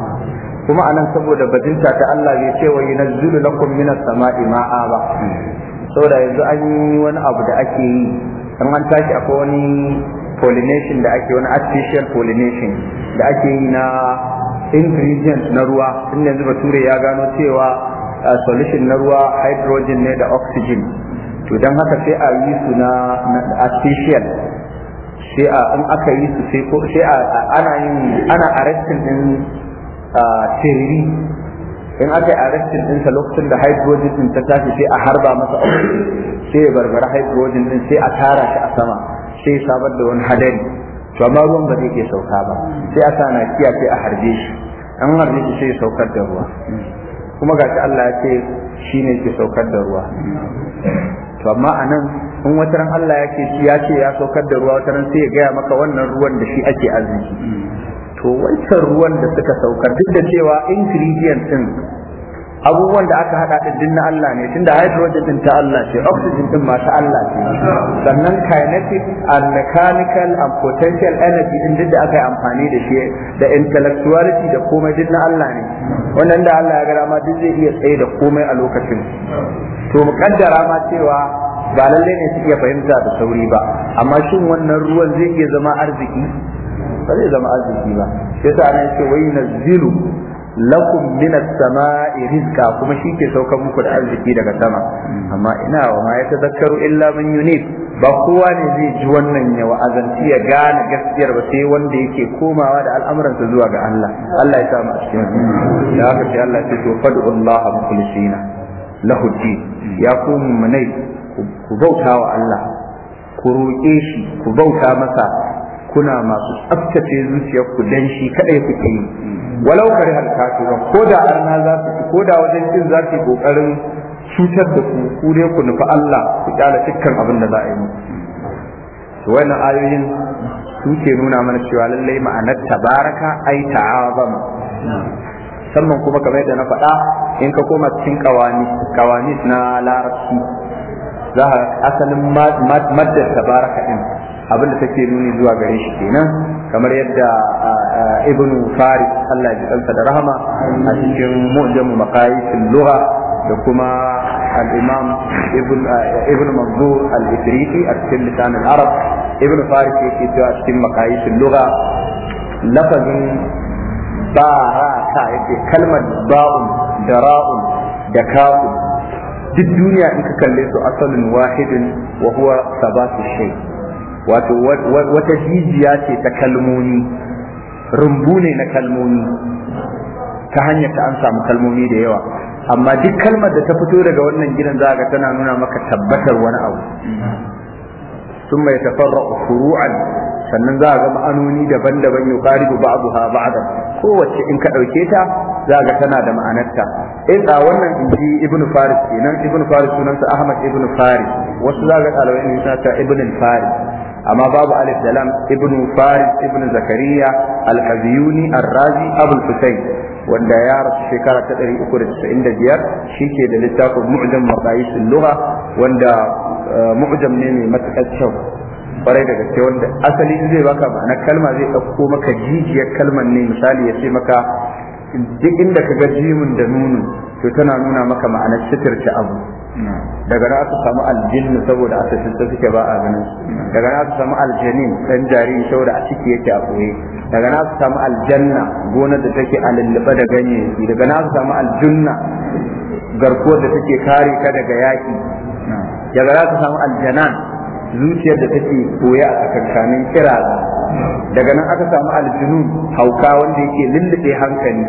S3: kuma anan saboda bajinta ta Allah bai ce wa yunazzilu lakum minas sama'i ma'a ba saboda yanzu an yi wani abu da ake yi an an tashi akwai wani pollination da ake wani artificial pollination da ake yi na ingredient na ruwa tun yanzu bature ya gano cewa solution na ruwa hydrogen ne da oxygen to don haka sai a yi su na artificial sai a in aka yi su sai a ana yin ana arrestin din tiriri in aka yi arrestin ɗinsa lokacin da hydrogen ɗin ta tashi sai a harba masa oxygen sai ya barbara hydrogen ɗin sai a tara shi a sama sai sabar da wani hadari to amma ruwan ba zai ke sauka ba sai a sa kiya sai a harbe shi an harbe shi sai saukar da ruwa kuma ga shi Allah ya ce shi ne ke saukar da ruwa to amma a nan in wata ran Allah ya ce ya ce ya saukar da ruwa wata ran sai ya gaya maka wannan ruwan da shi ake arziki to wancan ruwan da suka saukar duk da cewa ingredient din abubuwan da aka hada din na Allah ne tunda hydrogen din ta Allah ce oxygen din ma ta Allah ce sannan kinetic and mechanical and potential energy din duk da aka yi amfani da shi da intellectuality da komai duk na Allah ne wannan da Allah ya gara ma duk zai iya tsaye da komai a lokacin to mu kaddara ma cewa ba lalle ne su iya fahimta da sauri ba amma shin wannan ruwan zai iya zama arziki ba zai zama arziki ba shi sa nan ce wai nazilu lakum min as-sama'i rizqa kuma shi ke saukar muku da arziki daga sama amma ina wa ma yatazakkaru illa man yunib ba kowa ne zai ji wannan ya wa'azanci ya gane gaskiyar ba sai wanda yake komawa da al'amuransa zuwa ga Allah Allah ya samu a cikin da haka sai Allah ya ce to fad'ullaha mukhlisina lahu ya ku munai ku bauta wa Allah ku roƙe shi ku bauta masa kuna masu tsaftace zuciyar ku dan shi kadai kuke yi walau kare har kafiran ko da arna za su ci ko da wajen cin za su kokarin cutar da ku ku dai ku nufi Allah ku kyala dukkan abin da za a yi muku to wannan ayoyin su ke nuna mana cewa lallai ma'anar tabaraka ai ta'azama musamman kuma kamar yadda na faɗa in ka koma cikin kawani na larabci za a asalin maddar tabaraka din abin da take nuni zuwa gare shi kenan kamar yadda ibn faris Allah ya kansa da rahama a cikin mu'jamu maqayisil lugha da kuma al-imam ibn ibn manzur al-ifriqi a cikin al-arab ibn faris yake cewa cikin maqayisil lugha lafazin ba ra ta yake kalmar ba'un da ra'un da kafun duk duniya in ka kalle su asalin wahidin wa huwa sabatu wato wata jijiya ce ta kalmomi rumbu ne na kalmomi ta hanyar ta an samu kalmomi da yawa amma duk kalmar da ta fito daga wannan gidan za ga tana nuna maka tabbatar wani abu sun mai tafarra furu'an sannan za a ga ma'anoni daban-daban yau ba abu ha ba'ada kowace in ka ɗauke ta za ga tana da ma'anarta in eh, a wannan in ji ibn faris kenan ibn faris sunansa ahmad ibn faris wasu za ga ɗalibai ne sa ta ibn faris amma babu alif da lam ibn faris ibn zakariya al-haziyuni ar-razi abul husayn wanda ya rasu shekara ta 395 shike da littafin mu'jam maqayis al-lugha wanda eh, mu'jam ne mai matakar kyau kwarai da gaske wanda asali zai baka ma'anar kalma zai ɗauko maka jijiyar kalmar ne misali ya ce maka duk inda ka ga jimin da nunu to tana nuna maka ma'anar ta abu daga na su samu aljinnu saboda aka sun suke ba a ganin daga na su samu aljanin dan jariri saboda a ciki yake a koye daga na su samu aljanna gonar da take a lullube da ganye daga na su samu aljunna garkuwar da take kare ka daga yaki daga na su samu aljanan zuciyar da take koya a tsakankanin kiraza daga nan aka samu aljunun hauka wanda yake lullube hankali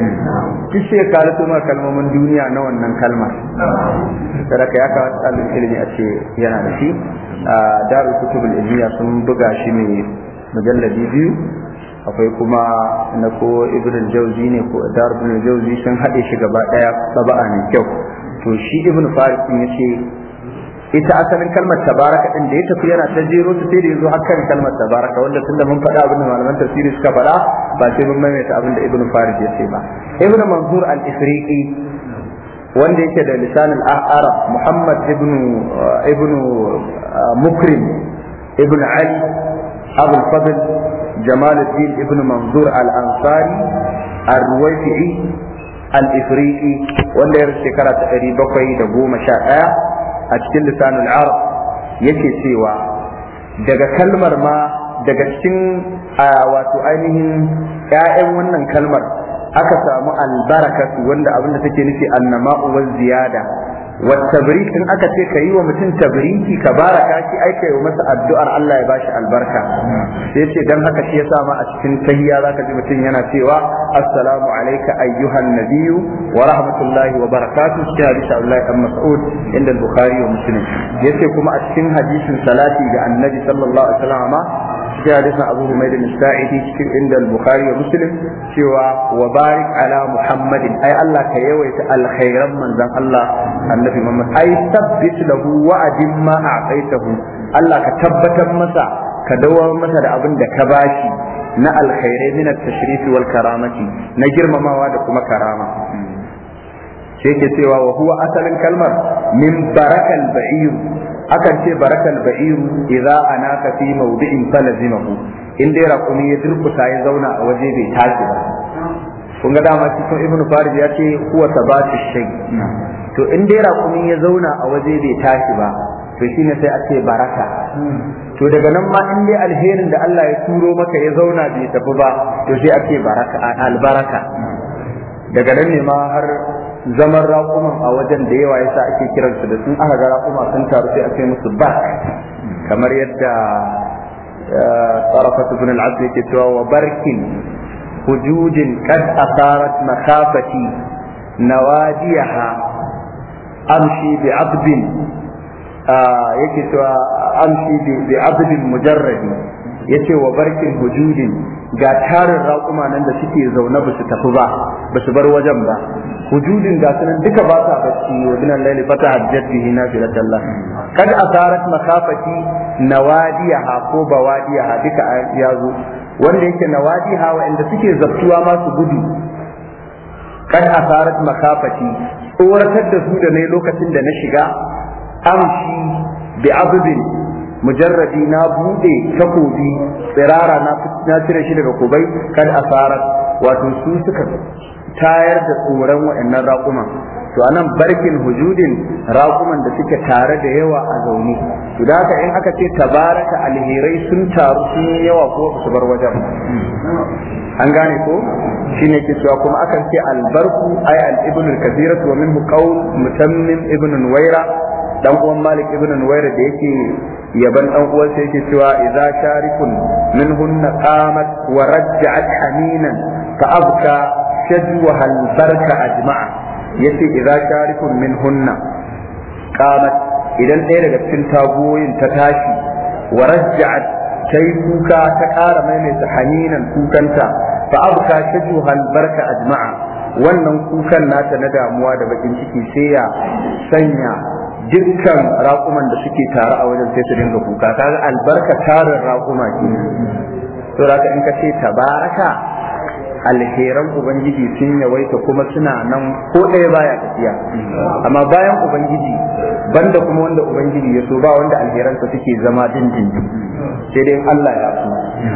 S3: duk shekara ma kalmomin duniya na wannan kalmar ka ya kawo wasu ilimi a ce yana da shi a daru kutubul ilmiya sun buga shi ne mujalladi biyu akwai kuma na ko ibn jauzi ne ko jauzi sun haɗe shi gaba ɗaya saba'a mai kyau to shi ibn faris ya ce ita asalin kalmar tabaraka din da ya tafi yana ta jero su sai da yazo har kan kalmar tabaraka wanda tunda mun faɗa abin da malaman tafsiri suka faɗa ba sai mun maimaita abin da ibnu farid ya ce ba ibnu manzur al-ifriqi wanda yake da lisan al-arab muhammad ibn uh, ibn uh, mukrim ibn ali abul fadl jamaluddin ibn manzur al-ansari al-ruwaifi'i al-ifriqi wanda ya shekara ta 711 a cikin lisanul arab yake cewa daga kalmar ma daga cikin wato ainihin ƴaƴan wannan kalmar aka samu albarakatu wanda abin da take nufi annama'u wa ziyada
S1: والتبريك
S3: إن أكت كي ومتن تبريكي كبارك أكي أي كي ومس الدعاء الله يباش البركة يتي دم هكا شيء سامع أتكن تهيا ذاك جمتين ينا سيوا السلام عليك أيها النبي ورحمة الله وبركاته شيء حديث عبد الله بن مسعود عند البخاري ومسلم يتي كما أتكن حديث صلاتي عن النبي صلى الله عليه وسلم sai hadisin Abu Humayd da saidi cikin inda al-Bukhari da Muslim cewa wa barik ala Muhammadin ai Allah ka yawaita alkhairan manzan Allah annabi Muhammad ai tabbit lahu wa'adin ma a'taitahu Allah ka tabbatar masa ka dawo masa da abin da ka bashi
S1: na alkhairai
S3: min at-tashrif wal karamati na girmamawa da kuma karama sai ke cewa wa huwa asalin kalmar min barakal ba'ir akan ce barakal ba'iru idza anaka fi mawdi'in falazimahu in dai raƙumi ya durkusa ya zauna a waje bai tashi ba kun ga dama cikin ibnu farid ya ce huwa sabatu shay to in dai raƙumi ya zauna a waje bai tashi ba to shine sai a ce baraka to daga nan ma in dai alherin da Allah ya turo maka ya zauna bai tafi ba to sai a ce baraka albaraka daga nan ne ma har zaman raƙuman a wajen da yawa yasa ake kiransu da sun aka ga raƙuma sun taru sai a musu bak kamar yadda tsarafatu eh, bin al'abd yake cewa wa barkin hujujin kad asarat makafati wajiyaha amshi bi abdin eh, yake cewa amshi bi abdin mujarradi ya ce wa barkin hujudin ga tarin raƙuma nan da suke zaune ba su tafi ba ba su bar wajen ba hujudin ga sunan duka ba sa bacci wa binan laili fata hajjar bihi na fi latallah kada a na wadiya ha ko ha, duka ya zo wanda yake na ha wa'anda suke zabtuwa masu gudu kada a tsarar makafati tsoratar da su da ne lokacin da na shiga
S1: amshi
S3: bi abubin mujarradi na bude takobi tsirara na cire shi daga kubai kad asarat wato su suka tayar da tsoron waɗannan raƙuman to anan barkin hujudin raƙuman da suke tare da yawa a zaune to da haka in aka ce tabaraka alherai sun taru sun yawa ko su bar wajen an gane ko shine ke cewa kuma akan ce albarku ay al ibn al kathiratu wa minhu qawl mutammim waira dan uwan malik ibn nuwair da yake yaban dan uwan sai yake cewa idza sharikun minhunna qamat wa rajja'at haminan fa abka shajwaha albarka ajma'a yace idza sharikun minhunna qamat idan ɗaya daga cikin tagoyin ta tashi
S1: wa rajja'at
S3: tai kuka ta ƙara maimaita haminan kukanta fa abka shajwaha albarka ajma'a wannan kukan nata na damuwa da bakin ciki sai ya sanya dukkan raƙuman da suke tare a wajen sai su dinga kuka ga albarka tarin raƙuma ke to ka in ka ce tabaraka alheran ubangiji sun yawaita kuma suna nan ko ɗaya baya tafiya amma bayan ubangiji banda kuma wanda ubangiji ya so ba wanda alheransa suke zama dindin sai dai Allah ya so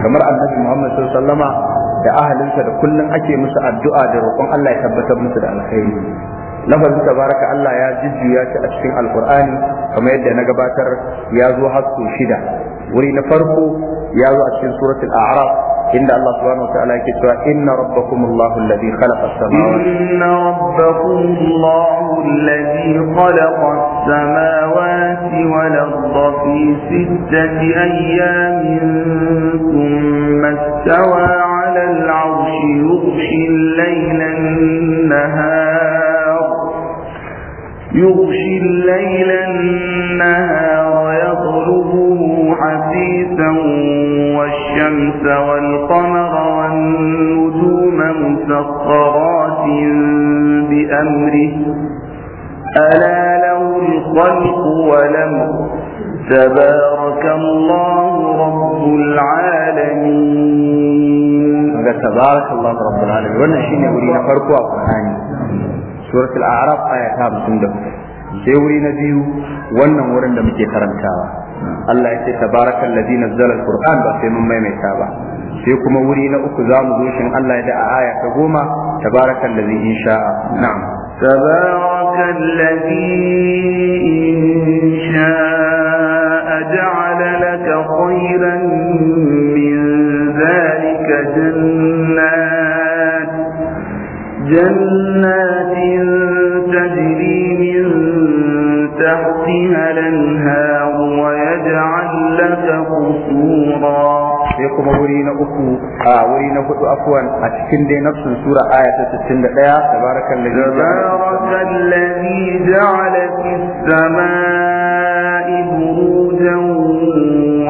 S3: kamar annabi Muhammad sallallahu da ahalinsa da kullum ake musu addu'a da roƙon Allah ya tabbatar musu da alkhairi lafazin tabaraka Allah ya jujjuya shi a cikin alkur'ani kamar yadda na gabatar ya zo har shida wuri na farko ya zo a cikin suratul a'raf inda Allah subhanahu wa ta'ala yake cewa inna rabbakum Allahu alladhi khalaqa as-samawati
S2: inna rabbakum Allahu alladhi khalaqa as-samawati wal arda fi sittati ayyamin thumma istawa 'ala al-'arshi yughshi al-layla an-nahara يغشي الليل النهار يطلبه حثيثا والشمس والقمر والنجوم مسخرات بأمره ألا له الخلق ولم تبارك الله رب العالمين
S3: تبارك الله رب العالمين وانا ولينا فرقوا قرآني سورة الأعراف آية تام سندف دوري نبيه وانا ورن دم كيترن كاوا الله يسي تبارك الذي نزل القرآن بس من ميمة كاوا في كما أكزام دوشن الله يدعى آية تقوما تبارك الذي إن شاء نعم
S2: تبارك الذي إن شاء جعل لك خيرا من ذلك جنات جنات الأنهار ويجعل لك قصورا
S3: يقوم ورين أكو
S2: ورين أكو أكو
S3: آه، أتكين دي نفس سورة آية تتكين دي تبارك الذي تبارك
S2: الذي جعل في السماء بروجا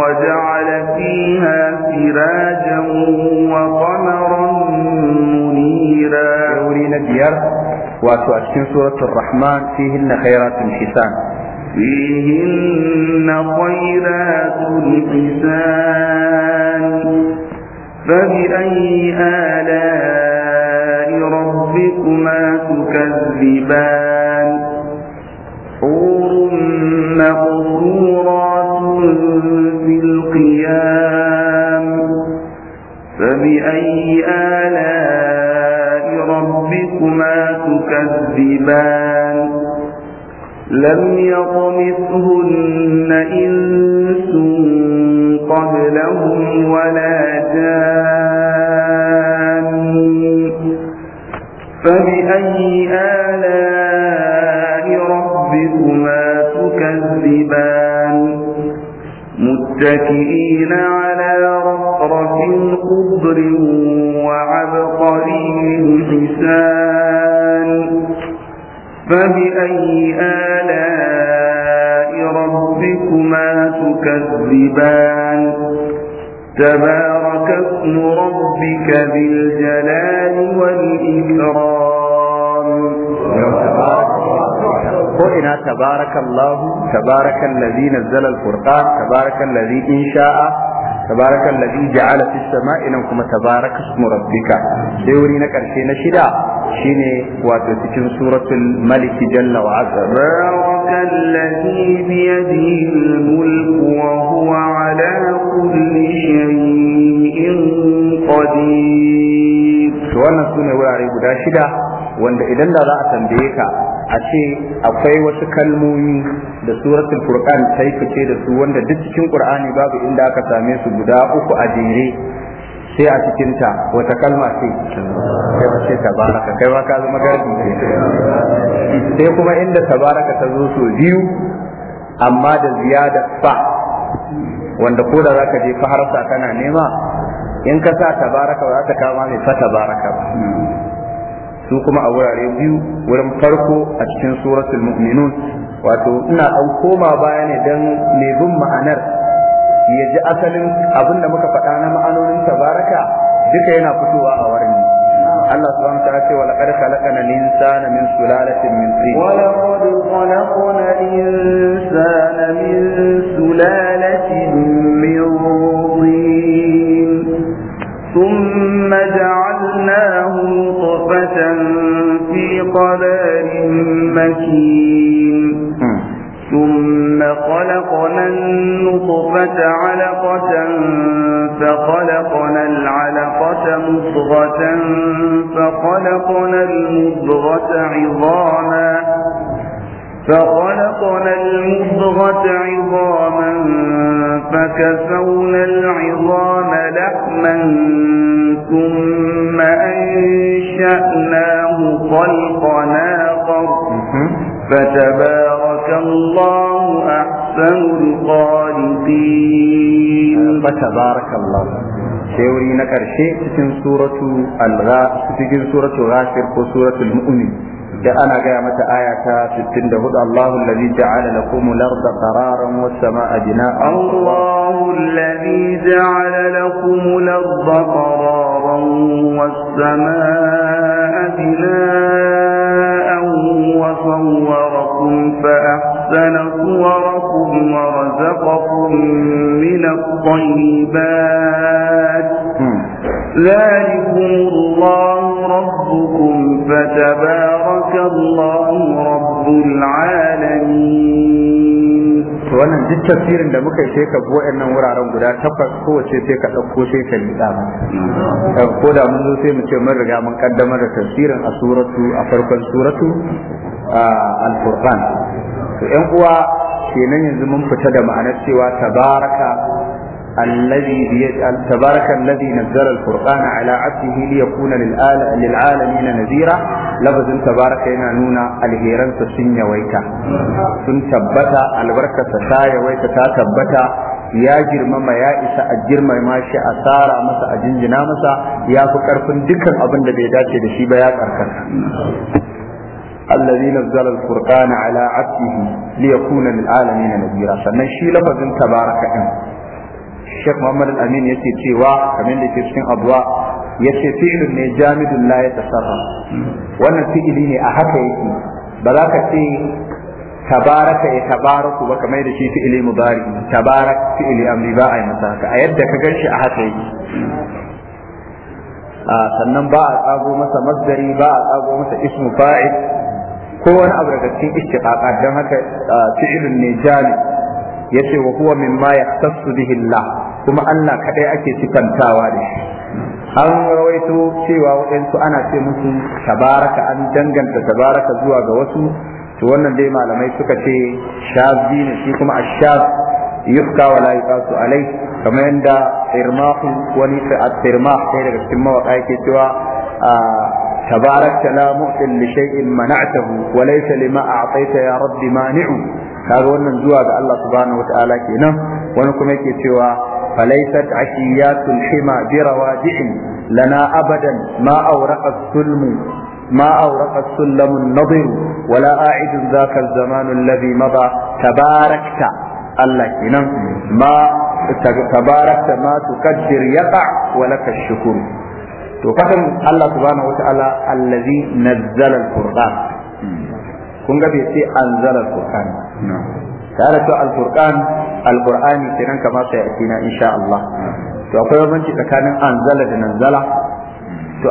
S2: وجعل فيها سراجا وقمرا منيرا ورين ديار
S3: واتو سورة الرحمن فيهن خيرات الحسان
S2: فيهن خيرات حسان فبأي آلاء ربكما تكذبان حور مقصورات في القيام
S1: فبأي
S2: آلاء ربكما تكذبان لم يطمثهن إنس قبلهم ولا جان فبأي آلاء ربكما تكذبان متكئين على رفرف خضر وعبقري حسان فبأي آلاء ربكما تكذبان تبارك اسم ربك بالجلال والإكرام
S3: قلنا تبارك الله تبارك الذي نزل الفرقان تبارك الذي إن شاء تبارك الذي جعل في السماء إنكم تبارك اسم ربك ديورينا كرسينا شداء shine wato cikin suratul maliki,
S1: jalla wa azza
S2: barakal ladhi bi yadihi al-mulk wa huwa ala to wannan
S3: sune wurare guda shida wanda idan za a tambaye ka a ce akwai wasu kalmomi da suratul furqan ta yi fice da su wanda duk cikin qur'ani babu inda aka same su guda uku a jere sai a cikin ta wata kalma ce sai ba ce tabaraka kai ma ka zama garbi sai kuma inda tabaraka ta zo so biyu amma da ziyada fa wanda ko da zaka je faharsa kana nema in ka sa tabaraka ba za ta kama mai fa tabaraka su kuma a wurare biyu wurin farko a cikin suratul mu'minun wato ina an koma baya ne dan mai bin ma'anar yaji asalin abin da muka faɗa na ma'anonin tabaraka duka yana fitowa a wurin Allah subhanahu wa ta'ala ce wala qad khalaqana al-insana min sulalatin min tin wa
S2: laqad khalaqana al-insana min sulalatin min tin ثم جعلناه نطفة في قدر مكين ثم خلقنا النطفة علقة فخلقنا العلقة مضغة فخلقنا المضغة عظاما فخلقنا المضغة عظاما فكسونا العظام لحما ثم أنشأناه خلقا آخر فتبارك والله أحسن القالبين فتبارك الله شيوري نكر شيء تكن سورة
S3: الغا تكن سورة غافر وسورة المؤمن da ana gaya mata aya ta 64 Allahu allazi ja'ala lakum al-ardha qararan was samaa'a bina'an Allahu
S2: allazi ja'ala lakum al-ardha qararan was samaa'a bina'an wa sawwarakum fa ahsana suwarakum wa razaqakum min at-tayyibat ذلكم الله ربكم فتبارك الله رب العالمين wannan duk tafsirin da muka yi sai ka bi
S3: waɗannan wuraren guda takwas kowace sai ka ɗauko sai ka liƙa ko da mun zo sai mu ce mun riga mun kaddamar da tafsirin a suratu a farkon suratu al-furqan to ƴan uwa kenan yanzu mun fita da ma'anar cewa tabaraka الذي تبارك الذي نزل القرآن على عبده ليكون للعالمين نذيرا لفظ تبارك هنا نونا الهيران سن يويتا سن تبتا البركة ستا يويتا تا تبتا ya girmama ya isa a girmama shi a tsara masa a jinjina masa ya fi karfin dukkan abin da bai dace da shi ba ya karkata الذي نزل الفرقان على عبده ليكون للعالمين نذيرا sannan shi lafazin tabaraka din Sheikh Muhammad Al-Amin yake cewa kamar da ke cikin abuwa yace fi'lun ne jamidun la yatasarra wannan fi'ili ne a haka yake ba za ka ce tabaraka ya tabaraku ba kamar da shi fi'ili mudari tabarak fi'ili amri ba a yi masa a yadda ka ganshi a haka yake sannan ba a tsago masa masdari ba a tsago masa ismu fa'il ko wani abu daga cikin ishtiqaqat dan haka fi'ilun ne jamid yace wa huwa mimma yahtassu bihi Allah kuma Allah kaɗai ake sifantawa da shi an rawaito cewa waɗansu ana ce musu tabaraka an danganta tabaraka zuwa ga wasu to wannan dai malamai suka ce shazi ne shi kuma ashab yufka wa la alai kamar yadda irmahu wani irmah sai daga cikin mawaka yake cewa ah, tabarakta la mu'til li shay'in mana'tahu wa laysa lima a'tayta ya rabbi mani'u kaga wannan zuwa ga Allah subhanahu wa Ta'ala kenan wani kuma yake cewa فليست عشيات الحمى بروادع لنا أبدا ما أورق السلم ما أورق السلم النضر ولا أعد ذاك الزمان الذي مضى تباركت الله ما تباركت ما تقدر يقع ولك الشكر to kasan Allah subhanahu wa ta'ala allazi nazzala al-qur'an kun ga bai sai anzala al-qur'an tare da alqur'an alqur'ani kenan kamar sai akina insha Allah to akwai bambanci tsakanin anzala da nanzala to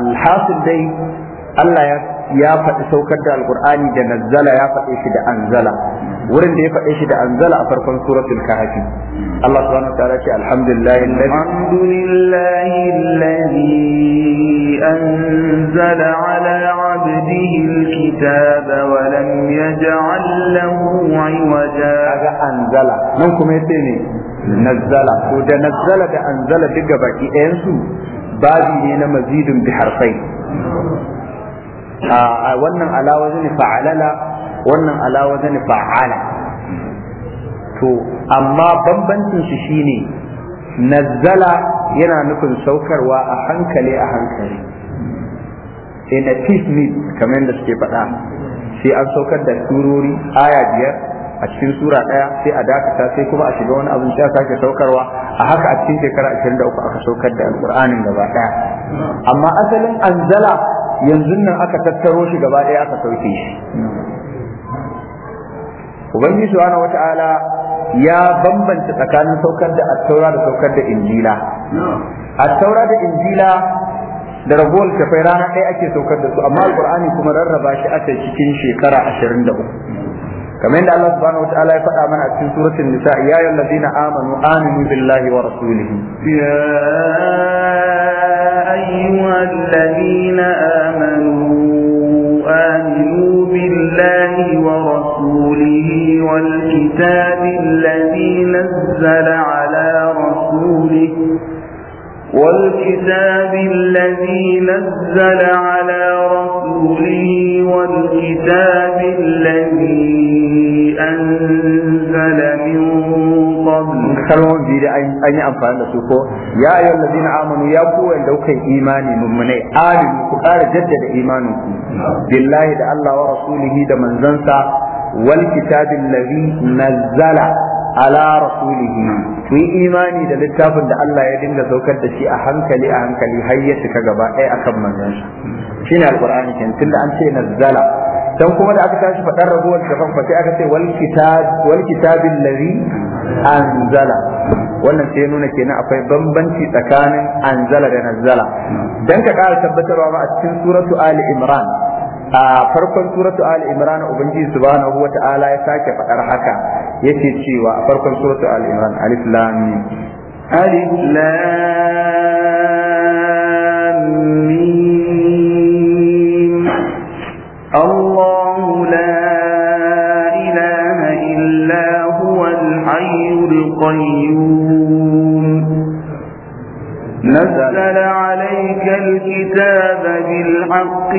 S3: alhasil dai Allah ya faɗi saukar da alqur'ani da nazzala ya faɗi shi da anzala wurin da ya faɗe shi da anzala a farkon suratul kahfi Allah subhanahu wataala ce alhamdulillahi
S2: alhamdulillahi alladhi anzala ala abdihi alkitaba wa lam yaj'al lahu 'iwaja kaga anzala
S3: nan kuma yace ne nazzala ko da nazzala da anzala duk baki ɗayan su babi ne na mazidin bi harfai a wannan alawa ne fa'alala wannan ala wajen fa'ala to amma bambancin shi shine nazzala yana nufin saukarwa a hankali a hankali in a need kamar da suke faɗa sai an saukar da turori aya biyar a cikin sura ɗaya sai a dakata sai kuma a shiga wani abin sai a sake saukarwa a haka a cikin shekara 23 aka saukar da alƙur'anin gaba ɗaya amma asalin anzala yanzu nan aka tattaro shi gaba ɗaya aka sauke
S1: shi
S3: ubangiji subhanahu wata'ala ya bambanta tsakanin saukar da attaura da saukar da injila attaura da injila da ragowar shafai rana ɗaya ake saukar da su amma alqur'ani kuma rarraba shi aka cikin shekara 23 kamar yadda Allah subhanahu wataala ya faɗa mana a cikin suratul nisa
S2: ya ayyuhal ladina amanu aminu billahi wa rasulihi ya ayyuhal ladina amanu الكتاب الذي نزل على رسوله والكتاب الذي نزل على رسوله والكتاب الذي أنزل من قبل كلمة جديدة أن يأمفان لسوكو يا أيها الذين آمنوا يا أبو
S3: أن لو كان من ممني آل قال جدد إيمانكم بالله دا الله ورسوله دا من زنسا wal kitabin ladhi nazzala ala rasulihi ku imani da littafin da Allah ya dinga saukar da shi a hankali a hankali har ya cika gaba akan manzon shi shine alqur'ani kin tunda an ce nazzala dan kuma da aka tashi faɗar ragowar da fa sai aka ce wal wannan sai nuna kenan akwai bambanci tsakanin anzala da nazzala dan ka ƙara tabbatarwa ma a cikin suratu ali imran a farkon suratu ali imran ubangiji subhanahu ta'ala ya sake fadar haka yace cewa a farkon suratu ali imran alif lam mim
S2: alif lam mim Allah الكتاب بالحق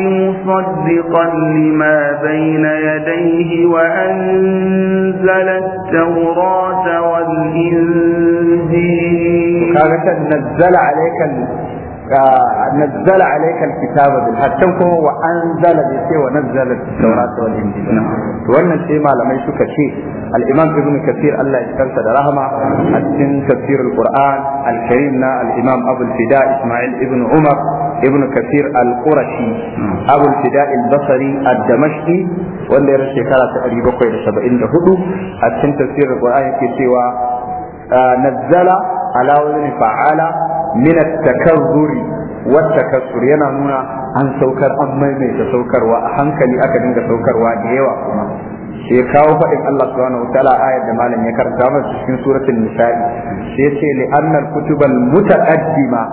S2: مصدقا لما بين يديه وأنزل التوراة والإنجيل
S3: نزل عليك نزل عليك الكتاب بالحق كم كما وأنزل بيسي ونزل التوراة والإنجيل وأن شيء ما لم يشك شيء الإمام ابن كثير الله يسكنت رحمة أسن تفسير القرآن الكريم نا الإمام أبو الفداء إسماعيل ابن عمر ابن كثير القرشي أبو الفداء البصري الدمشقي وأن يرشي كانت أريبا قيل سبعين لهدو أسن تفسير القرآن كتوى نزل على وزن فعال min takazzuri wa takassur yana nuna an saukar an maimaita saukarwa a hankali aka dinga saukarwa da yawa kuma sai kawo faɗin Allah subhanahu wataala ayar da malam ya karanta masa cikin suratul nisa'i sai yace li annal kutubal mutaqaddima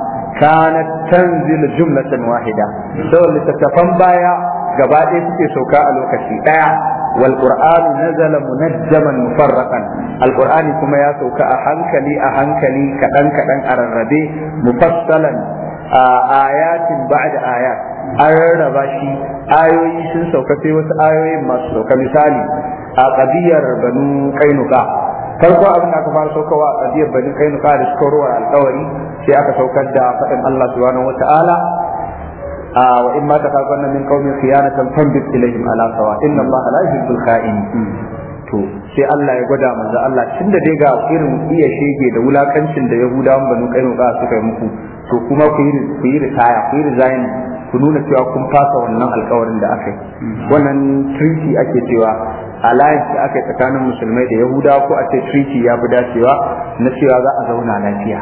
S3: kanat tanzil jumlatan wahida saboda littattafan baya gaba ɗaya suke sauka a lokaci ɗaya wal qur'anu nazala munajjaman mufarraqan al qur'ani kuma ya sauka a hankali a hankali kaɗan kaɗan a rarrabe mufassalan ayatin ba'da ayat an rarraba shi ayoyi sun sauka sai wasu ayoyin masu sauka misali a qadiyar banu kainuka farko abin da aka fara saukarwa a qadiyar banu kainuka da suka rowar alkawari sai aka saukar da faɗin Allah subhanahu wataala wa in ma takafanna min qaumin khiyanatan fanbit ilayhim ala sawa inna allaha la yuhibbul kha'in to sai Allah ya gwada manzo Allah tunda dai ga irin iya shege da wulakancin da Yahudawan banu ka suka yi muku to kuma ku yi ku yi ritaya ku yi zain ku nuna cewa kun fasa wannan alkawarin da aka yi wannan treaty ake cewa alliance da aka yi tsakanin musulmai da Yahudawa ko a ce treaty ya fi dacewa na cewa za a zauna lafiya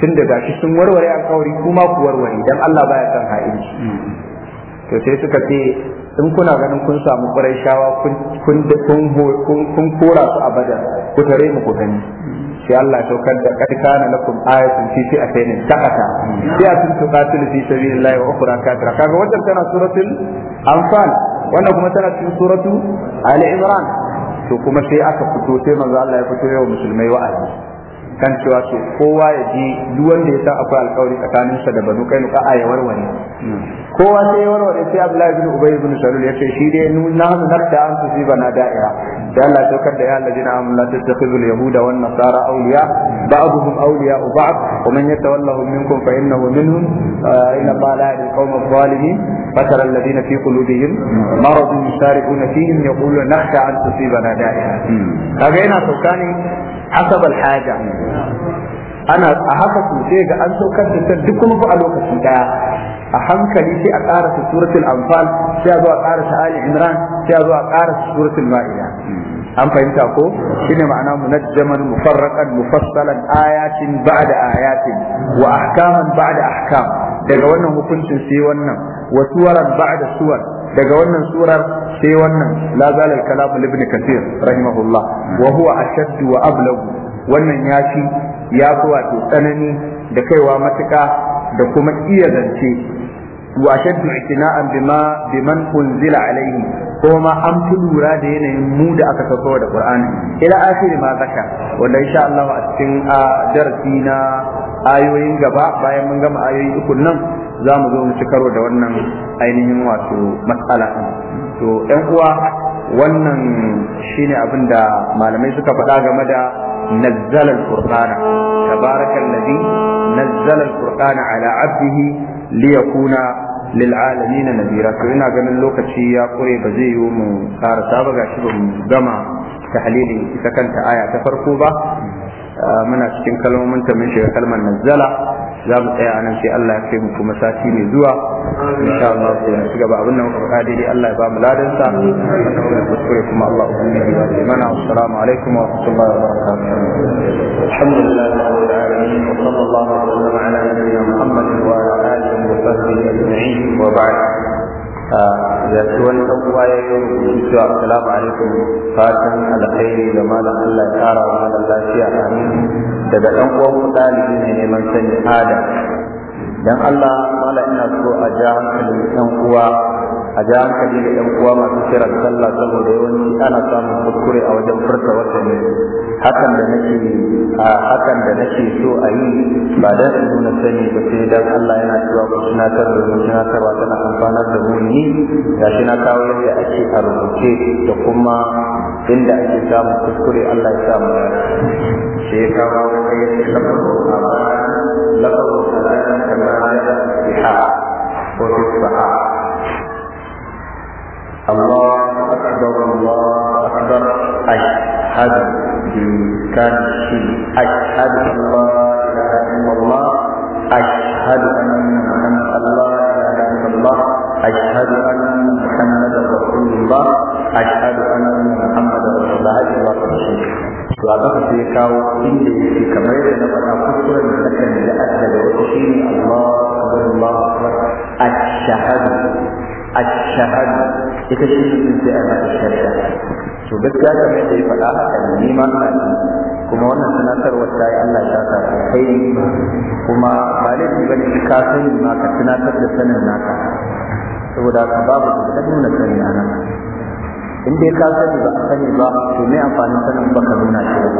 S3: tun da gashi sun warware alkawari kuma ku warware dan Allah baya son ha'inci to sai suka ce in kuna ganin kun samu shawa kun kun kora su a badar ku tare mu ku gani sai Allah saukar da kad kana lakum ayatun fi sai fi'atayn taqata fi'atun tuqatil fi sabilillahi wa ukhra kafira kaga wannan tana suratul anfal wannan kuma tana cikin suratu ali imran to kuma sai aka fito sai manzo Allah ya fito yau musulmai wa'azi kan cewa to kowa ya ji duk wanda ya san akwai alƙawari tsakanin sa da banu kai nuka a ya warware kowa sai ya warware sai Abdullahi bin Ubay bin Salul ya ce shi dai nu na hanu nakta an su bana da'ira da Allah ya saukar da ya alladina amanu la tattakhizul yahuda wan nasara awliya ba'dhum awliya ba'd wa man yatawallahum minkum fa innahu minhum inna Allah la yahdil qawma adh-dhalimin فترى الذين في قلوبهم مرض يسارعون فيهم يقولون نخشى ان تصيبنا دائره. هذا هنا سكاني hasab haja ana a haka su ga an saukar da duk kuma fa a lokaci daya a hankali sai a ƙara su suratul anfal a zo a ƙara ta imran sai a zo a ƙara su suratul ma'ida an fahimta ko shine ma'ana munajjaman mufarraqan mufassalan ayatin ba'da ayatin wa ahkaman ba'da ahkam daga wannan hukuncin sai wannan wa suwaran ba'da suwar daga wannan surar sai wannan la zalal kalam ibn kathir rahimahullah wa huwa ashadd wa ablag wannan ya ya fi wato tsanani da kaiwa matuka da kuma iya zance وأشد اعتناء بما بمن أنزل عليه كما أم تلورا دين مود أكتسوه القرآن إلى آخر ما ذكر Allah شاء الله darasi درسينا آيوين gaba bayan mun gama ayoyi uku nan za mu zo mu ci karo da wannan ainihin wato matsala to ƴan uwa wannan shine abin da malamai suka faɗa game da nazzala al-qur'ana tabarakallazi nazzala al-qur'ana ala abdihi liyakuna lil'alami na nabira to ina ganin lokaci ya kure ba zai yi mu karasa ba gashi ba mu gama tahlilin ita kanta aya ta farko ba ah, muna cikin kalmomin ta mun shiga kalmar nazzala za mu tsaya nan sai Allah ya kai mu kuma sati mai zuwa insha Allah sai mu ci gaba abin da muka faɗa daidai Allah ya ba mu ladan sa wannan muka kuskure kuma Allah ubangiji ya yi mana assalamu alaikum wa rahmatullahi wa barakatuh alhamdulillah rabbil alamin wa sallallahu alaihi wa sallam ala nabiyyina muhammad wa ala alihi wa sahbihi ajma'in wa ba'd ga wani ɗan uwa ya yi rubutu cewa assalamu alaikum fatan alkhairi da malam Allah ya ƙara wa malam lafiya amin daga ɗan uwan ku ɗalibi ne neman sani adam dan Allah mala ina so a ja hankalin ɗan uwa a ja hankali da ɗan uwa masu kiran sallah saboda yawanci ana samun kuskure a wajen furta wata ne hakan da nake a hakan da nake so a yi ba dan nuna sani ba sai dan Allah yana cewa ku tunatar da na tunatarwa tana amfana da mu ni shi na kawo yadda ake a rubuce da kuma inda ake samun kuskure Allah ya samu shi ya kawo wani ɗaya ne lafazin كما الصحاح وفي الصحاح الله أكبر الله أكبر أشهد بإمكان الشيء أشهد أن لا إله إلا الله أشهد أن محمد الله إله إلا الله أشهد أن محمد رسول الله أشهد أن محمد رسول الله to a ƙasa sai kawo inda yake kamar yadda na faɗa kuskuren da kan da adda da wata shi ne Allah akbar Allah akbar ashhadu ashhadu ita shi ne sai a mata shari'a to gaskiya kamar yadda ya faɗa haka ne ni ma kuma wannan tunatarwar ta yi Allah ta sa kai kuma ba laifi ba ne ka sani ma ka tunatar da sanin naka saboda ka babu da nuna sani a nan in dai ka sani ba sani ba to me amfanin sanin baka nuna shi ba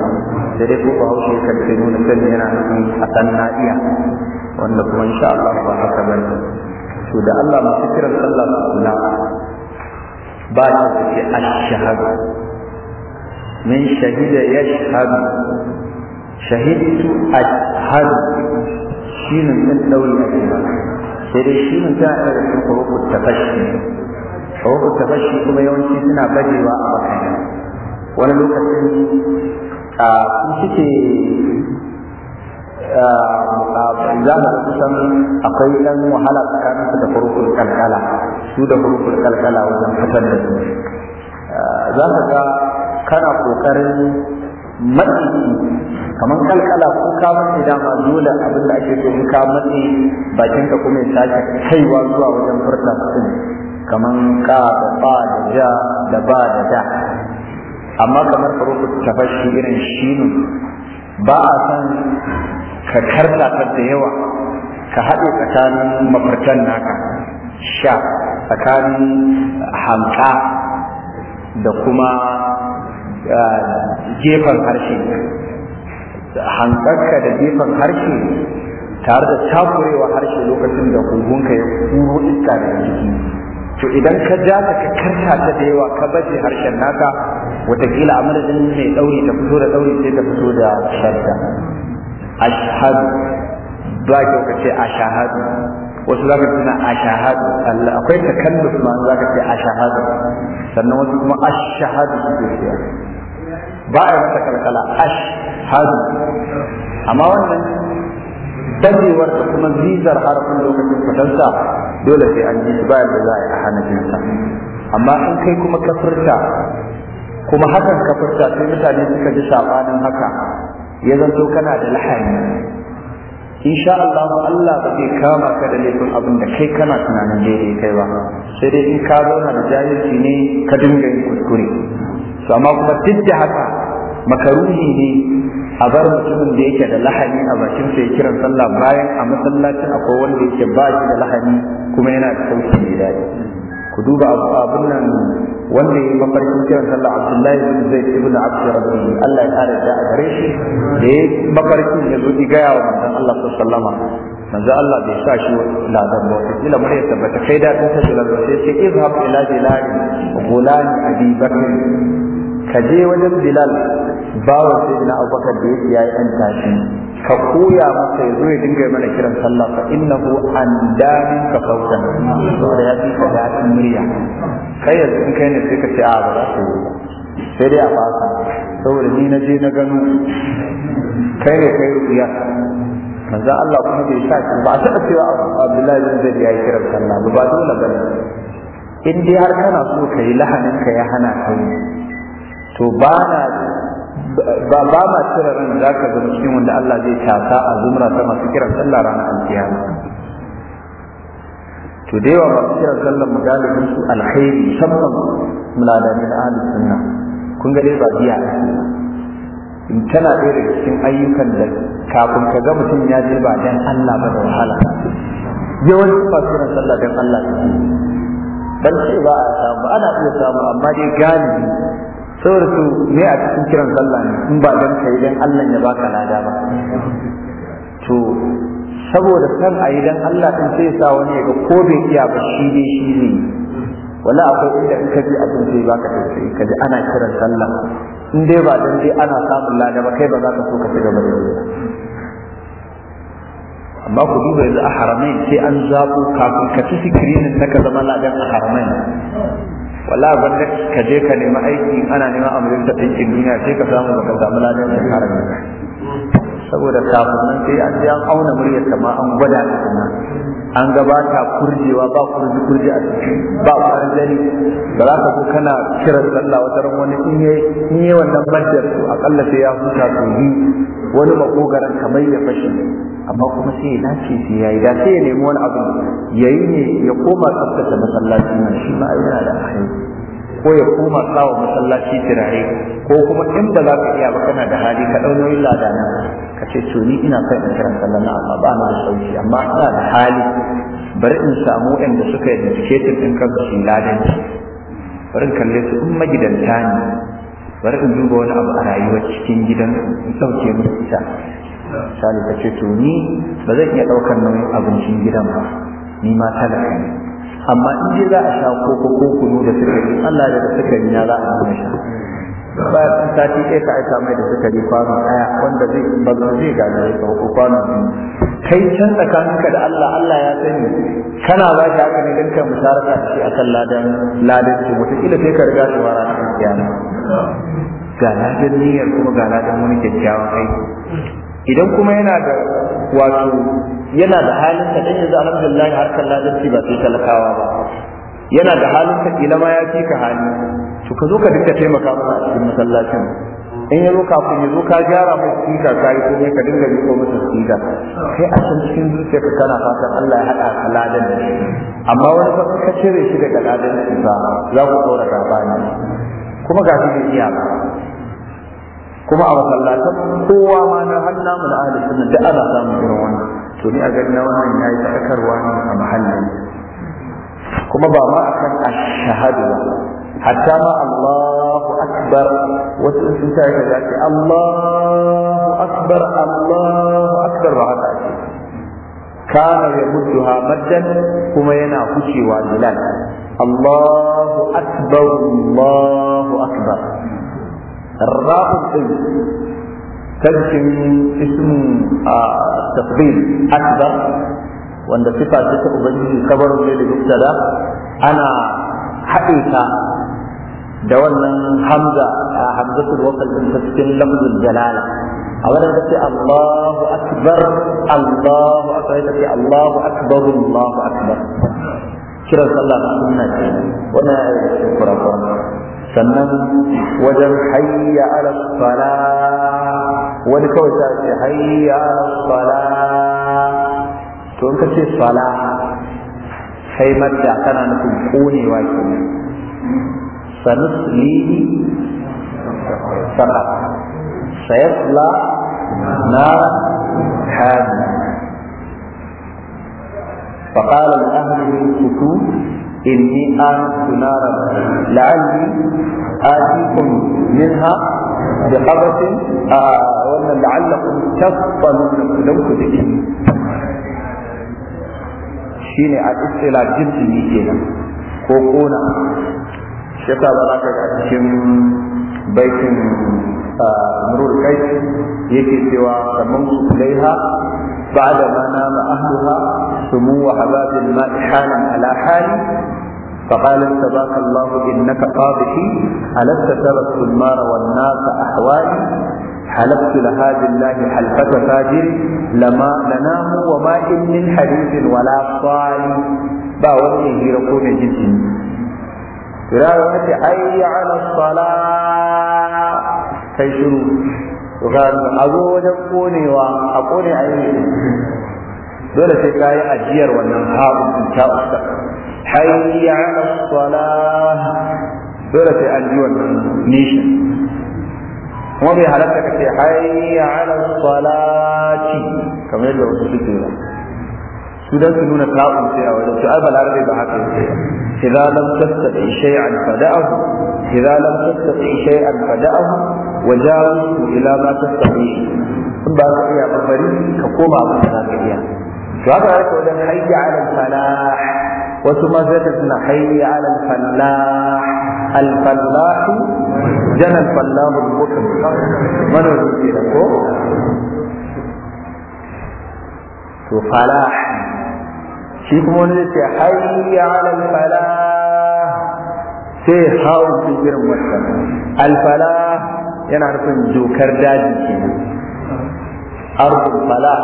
S3: sai dai ko ba hausa ya kace nuna sani yana nufin a san na iya wanda kuma sha Allah ba haka ba ne to da Allah masu kiran sallah su kula ba ta su ce ashhadu min shahida yashhadu shahidtu ashhadu shine min dauli sai dai shi shine ta da kuma ku tafashi ba ta bashi kuma yawanci suna bajewa a makani wani lokacin a suke za mu kusan akwai ɗan wahala tsakanin da hurufin kalkala su da hurufin kalkala wajen fitar da su za ka ga kana ƙoƙarin matsi kamar kalkala ko ka matsi dama dole abin da ake so ka matsi bakinka kuma ya sake kaiwa zuwa wajen furta su kaman ka da ba da ja da ba da da amma kamar ta fashi irin shinu ba a san ka karta da yawa ka haɗe tsakanin mafartan naka sha tsakanin hanka da kuma gefen harshe hankarka da gefen harshe tare da takurewa harshe lokacin da huhunka ya kuro iska da jiki to idan ka ja ta ka karta ta da yawa ka baje harshen naka watakila a madadin mai ɗauri ta fito da ɗauri sai ta fito da shadda ashhadu ba kyau ka ce ashahadu wasu zaka tuna ashahadu Allah akwai takalluf ma zaka ce ashahadu sannan wasu kuma ashahadu suke cewa ba a yi masa kalkala ashhadu amma wannan dadewar da kuma zizar harafin lokacin fitarsa dole sai an ji shi ba yadda za a yi a hana jinsa amma in kai kuma kafirta kuma hakan kafirta sai mutane suka ji sabanin haka ya zanto kana da lahani insha Allah Allah ba zai kama ka da laifin abin da kai kana tunanin daidai kai ba sai dai in ka zauna da jahilci ne ka dinga yin kuskure to kuma duk da haka makaruhi ne a bar mutumin da yake da lahani a bakin sa ya kiran sallah bayan a masallacin akwai wanda yake ba shi da lahani kuma yana da sauki mai daɗi ku duba abu abun nan wanda ya yi mafarkin kiran sallah Abdullahi bin Zaid ibn Abd Rabbi Allah ya kare da gare shi da ya mafarkin ya zo gaya wa manzon Allah sallallahu alaihi manzo Allah bai sa shi ladan ba kila mure ta bata kai da ta jira ba sai sai izhab ila bilal gulan abi bakr ka je wajen bilal bawan sai na abubakar da yake yayi an tashi ka koya masa ya zo ya dinga mana kiran sallah fa innahu an damin ka sautan saboda ya fi ka daɗin murya kai yanzu in kai ne sai ka ce a ba za ka yi sai dai a fasa saboda ni na je na gano kai ne kai rubiya manzo Allah kuma bai sa shi ba a taɓa cewa Abdullahi bin Zaid ya yi kiran sallah ba dole ba ne in dai har kana so ka yi lahanin ka ya hana ka yi to ba
S1: na ba ba ma
S3: cire ran za ka zama cikin wanda Allah zai tasa a zumra ta masu kiran sallah ranar alkiyama to da yawa masu kiran sallah mu galibin su alkhairi musamman muladani da ahli sunna kun ga dai ba biya in tana ɗaya daga cikin ayyukan da kafin ka ga mutum ya je ba dan Allah ba da wahala yawancin su kiran sallah dan Allah dan ce ba a samu ana iya samu amma dai galibi saboda su me a cikin kiran sallah ne in ba ka yi don Allah ya baka lada ba to saboda san a yi don Allah din sai sa wani ya ga ko bai iya ba shi dai shi ne wala akwai inda in ka ji abin sai baka sai ka ji ana kiran sallah in dai ba don dai ana samun lada ba kai ba za ka so ka ci gaba da amma ku duba yanzu a haramai sai an zaɓo kafin ka ci sikirinin na ka zama ladan a haramai wala gwanda ka je ka nemi aiki ana neman da ɗinkin duniya sai ka samu baka samu ladan shekara ne saboda kafin nan sai an an auna muryar ma an gwada ta kuma an gabata kurjewa ba kurji kurji a ciki ba kwarin dare ba za ka kana kira sallah wata ran wani in yi in yi wannan majjar to akalla sai ya huta to yi wani makogaran kamar ya fashe amma kuma sai ya dace sai ya yi da sai ya nemi wani abu ya yi ne ya koma tsaftace masallaci mai shi ma yana da ahimmanci ko ya koma tsawo masallaci turare ko kuma in ba za ka iya ba kana da hali ka ɗau nauyin ladana ka ce to ni ina kai in kiran sallan na amma ba na da sauki amma ina da hali bari in samu waɗanda suka yi education ɗin kan su ladanci bari in kalle su in magidanta ne bari in duba wani abu a rayuwar cikin gidan in ɗauke musu ita misali ka ce to ni ba zan iya ɗaukar nauyin abincin gidan ba ni ma talaka ne amma in dai za a sha koko ko kunu da sukari Allah da sukari na za a kuma sha ba ya kan sati ɗaya ka aika mai da sukari kwano ɗaya wanda zai ba zai gane ya kawo ko kwano kai can tsakaninka da Allah Allah ya sani kana ba shi haka ne don kai musharaka da shi akan ladan ladan ce wataƙila sai ka riga shi ma ranar kiyama ga ladan niyyar kuma ga ladan wani kyakkyawan aiki idan kuma yana da wato yana da halin ka dan yanzu alhamdulillah har kan ladanci ba sai talakawa ba yana da halin ka kila ma ya fi ka hali to ka zo ka dinka taimaka masa a cikin masallacin in ya zo kafin ya zo ka gyara mai sika ka yi komai ka dinga riko masa sika kai a san cikin zuciyarka kana fatan Allah ya haɗa ka ladan da shi amma wani ba ka cire shi daga ladan ba za ku tsora ba ne kuma ga shi iya ba kuma a masallatan kowa ma na hannu namu na ahalin sunna duk ana samun irin wannan to ni a gani na wannan ya yi sadakarwa ne a mahallin kuma ba ma akan ashahadu ba hatta ma Allahu akbar wasu sun ta yi da Allahu akbar Allahu akbar ba haka ake kana ya ha maddan kuma yana hucewa bilal Allahu akbar Allahu akbar ra'u tankin ismin a tafdil akbar wanda sifa ce ta ubangiji kabar ne da mubtada ana haɗe ta da wannan hamza a hamzatul wasl din ta cikin lafzul jalala a ta ce Allahu akbar Allahu akbar ta ce Allahu Allahu sannan wajen hayya ala wani kawai ta ce hayya sala to in ka ce sala kai madda kana nufin konewa ke sanuslihi sabab sayasla na hadi فقال الأهل سكوت إني آنست نارا لعلي آتيكم منها بقبس آه وأن لعلكم تفضلون لو كنت shine a istila jinsi kenan ko kona shi yasa ba za ka ga cikin baitin murul kai yake kamar su kulaiha بعدما نام أهلها سمو حباب الماء حالا على حال فقال استباك الله إنك قابحي ألست تركت المار والناس أحوالي حلفت لها بالله حلفة فاجر لما ننام وما إن من حديث ولا قال باوته يكون جسمي رأيت
S2: أي على الصلاة
S3: sai shiru to ga a zo wajen konewa a kone a yi dole sai ka yi ajiyar wannan ha'un ta usta hayya ala salah dole sai an ji wannan nishin kuma bai halatta ka ce hayya ala salati kamar yadda wasu suke ba su dan su nuna ta'un sai a wajen su ai balarabe ba haka yake idza lam tastati shay'an fada'ahu idza lam tastati shay'an fada'ahu وجاوزه إلى ما تستطيع إن بقى إيه أمري كقوم أبو سناكية فهذا يقول أن حي على الفلاح وسمزتنا حي على الفلاح الفلاح جنى الفلاح المطلق من الذي لكم فلاح shi kuma wani ce
S2: hayya ala alfala sai hau
S3: cikin wata alfala yana nufin dokar daji ke nan, arzul fala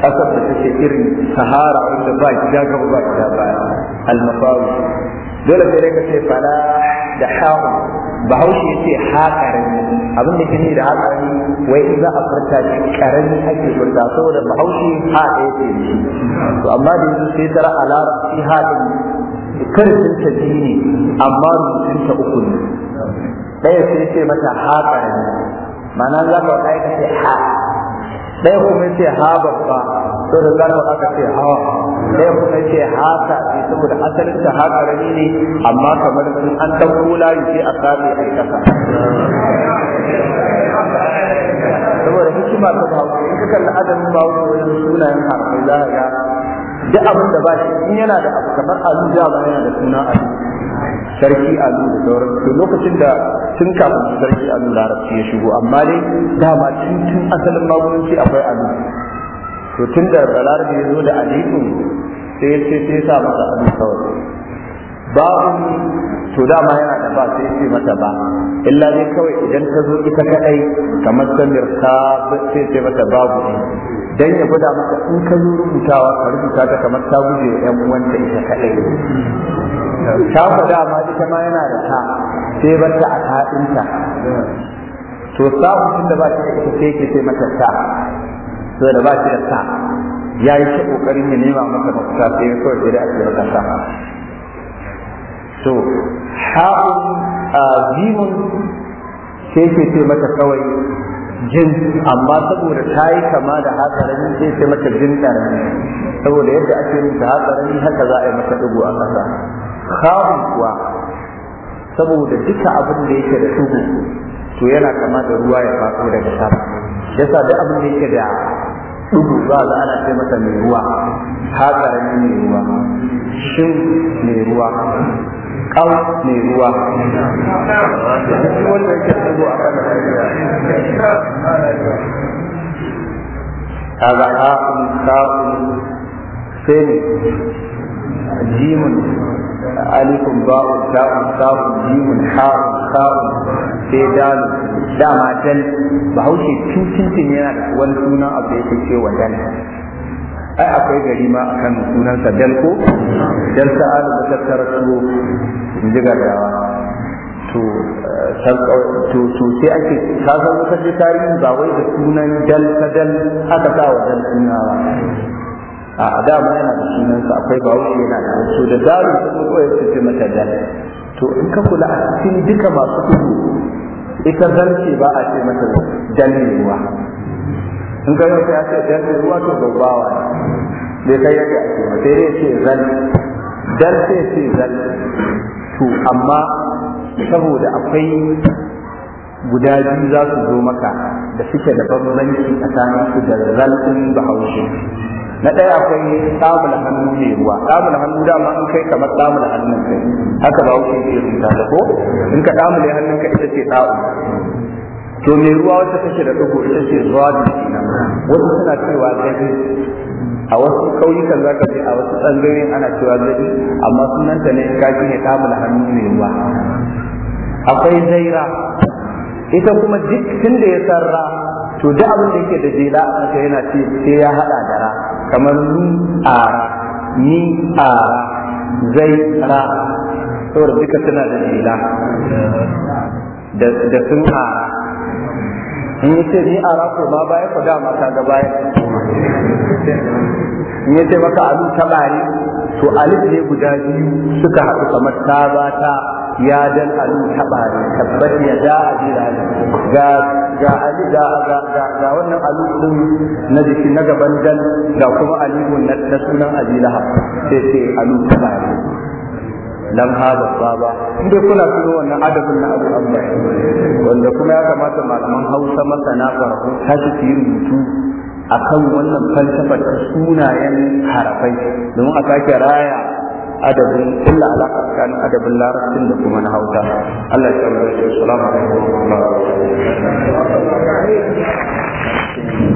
S3: ƙasar da take irin sahara wanda ba gida gaba ba gida baya almafaru dole sai ka ce fala da hawa bahaushe ya ce ha abin da ke ne da ha karami wai in za a furta shi karami ake furta saboda bahaushe ha ɗaya ce to amma da yanzu sai tara a larabci haɗin, ɗin sun ta biyu ne amma sun ta uku ne ɗaya sun ce mata ha ƙarami mana za ka wata ka ce ha ɗaya kuma ce ha babba to da zarar aka ce hawa ɗaya kuma ce ha sa'i saboda asalin ta ha ƙarami ne amma kamar sun an ɗan ɗauko yi ce a sami a yi ƙasa saboda hikima ta ba in ka kalli adamin ba wajen sunayen harfai za a ga duk abin da ba shi in yana da abu kamar a azuja ba yana da suna azuja sarki alu da sauran su lokacin da tun kafin sarki alu larabci ya shigo amma dai dama tun tun asalin magunci akwai alu to tun da balarabi ya zo da aliku sai ya ce sai sa masa alu kawai ba'un to dama yana da ba sai ce mata ba illa dai kawai idan ta zo ita kadai kamar samir ta sai ce mata babu dan ya gwada maka in ka zo rubutawa ka rubuta ta kamar ta guje yan uwanta ita kadai ta faɗa ma ita ma yana da ta sai bar ta a ta'inta to samu tun da ba shi da ita sai ke sai mata ta to da ba shi da ta ya yi ta ƙoƙarin ya nema masa mafita sai ya kawai sai da ake mata ta to ha'un zimun sai ke sai mata kawai jin amma saboda ta yi kama da hatsarani sai sai mata jin ɗarami saboda yadda ake yin da hatsarani haka za a yi mata dugu a ƙasa
S1: khawun kuwa
S3: saboda duka abin da yake da tuhu to yana kama da ruwa ya faɗo daga sama yasa duk abin da yake da duhu za a ana ce masa mai ruwa hatsarami mai ruwa shin mai ruwa kau mai ruwa wanda yake duhu a kan kaga ha'un sa'un sai ne jimin ألف باء تاء تاء جيم حاء خاء sai da dama dal bahaushe cikin yana da wani suna abu da yake cewa dan ai akwai gari ma akan sa dan ko sa sa'adu da tattara su in ji gaggawa eh, to to sai ake ka san wata tarihi ba wai da sunan dal ta dal aka sa wa dan suna ba a dama yana da sunansa akwai bahaushe yana da wasu da daru sun koyar su ce mata da to in ka kula a cikin duka masu kudu ita zarce ba a ce mata ruwa. in ka yau ya ce dannewa to gaubawa ne bai kai yadda ake ba sai dai ce zan dan sai ce zan to amma saboda akwai guda biyu za su zo maka da suke da bambanci tsakanin su da zalɗin bahaushe na ɗaya akwai tsamu da hannu mai ruwa tsamu da hannu dama an kai kamar tsamu da hannun kai haka ba wuce ke rubuta da ko in ka tsamu da hannun ka ita ce tsamu to mai ruwa wata take da ɗigo ita ce zuwa da na wasu suna cewa gani a wasu ƙauyukan za ka je a wasu tsangayoyin ana cewa gani amma sunanta ne ka ne tsamu da hannu mai ruwa
S2: akwai zaira
S3: ita kuma duk tun da ya sarra to duk abin da yake da jela aka yana ce sai ya hada da ra kamar ni a ni a zai ra saboda duka suna da jela da sun a in ya ce ni a ra ko ma baya ko dama ta ga baya in ya ce maka alu ta bari to alif ne guda biyu suka haɗu kamar ta ba ta ya dan alu ne tabbat ya da adila ga ga ali ga ga ga wannan alu din na jiki na gaban dan ga kuma aliyu na sunan ha sai sai alu ne
S1: lam hada baba
S3: inda kuna tuno wannan adabin na Abu Abdullah wanda kuma ya kamata malaman Hausa masana farko kaji su yi rubutu akan wannan falsafar sunayen harafai domin a sake raya adabin illa alaka tsakanin adabin larabcin da kuma na hausa Allah ya samu da salamu alaikum wa rahmatullahi
S1: wa barakatuh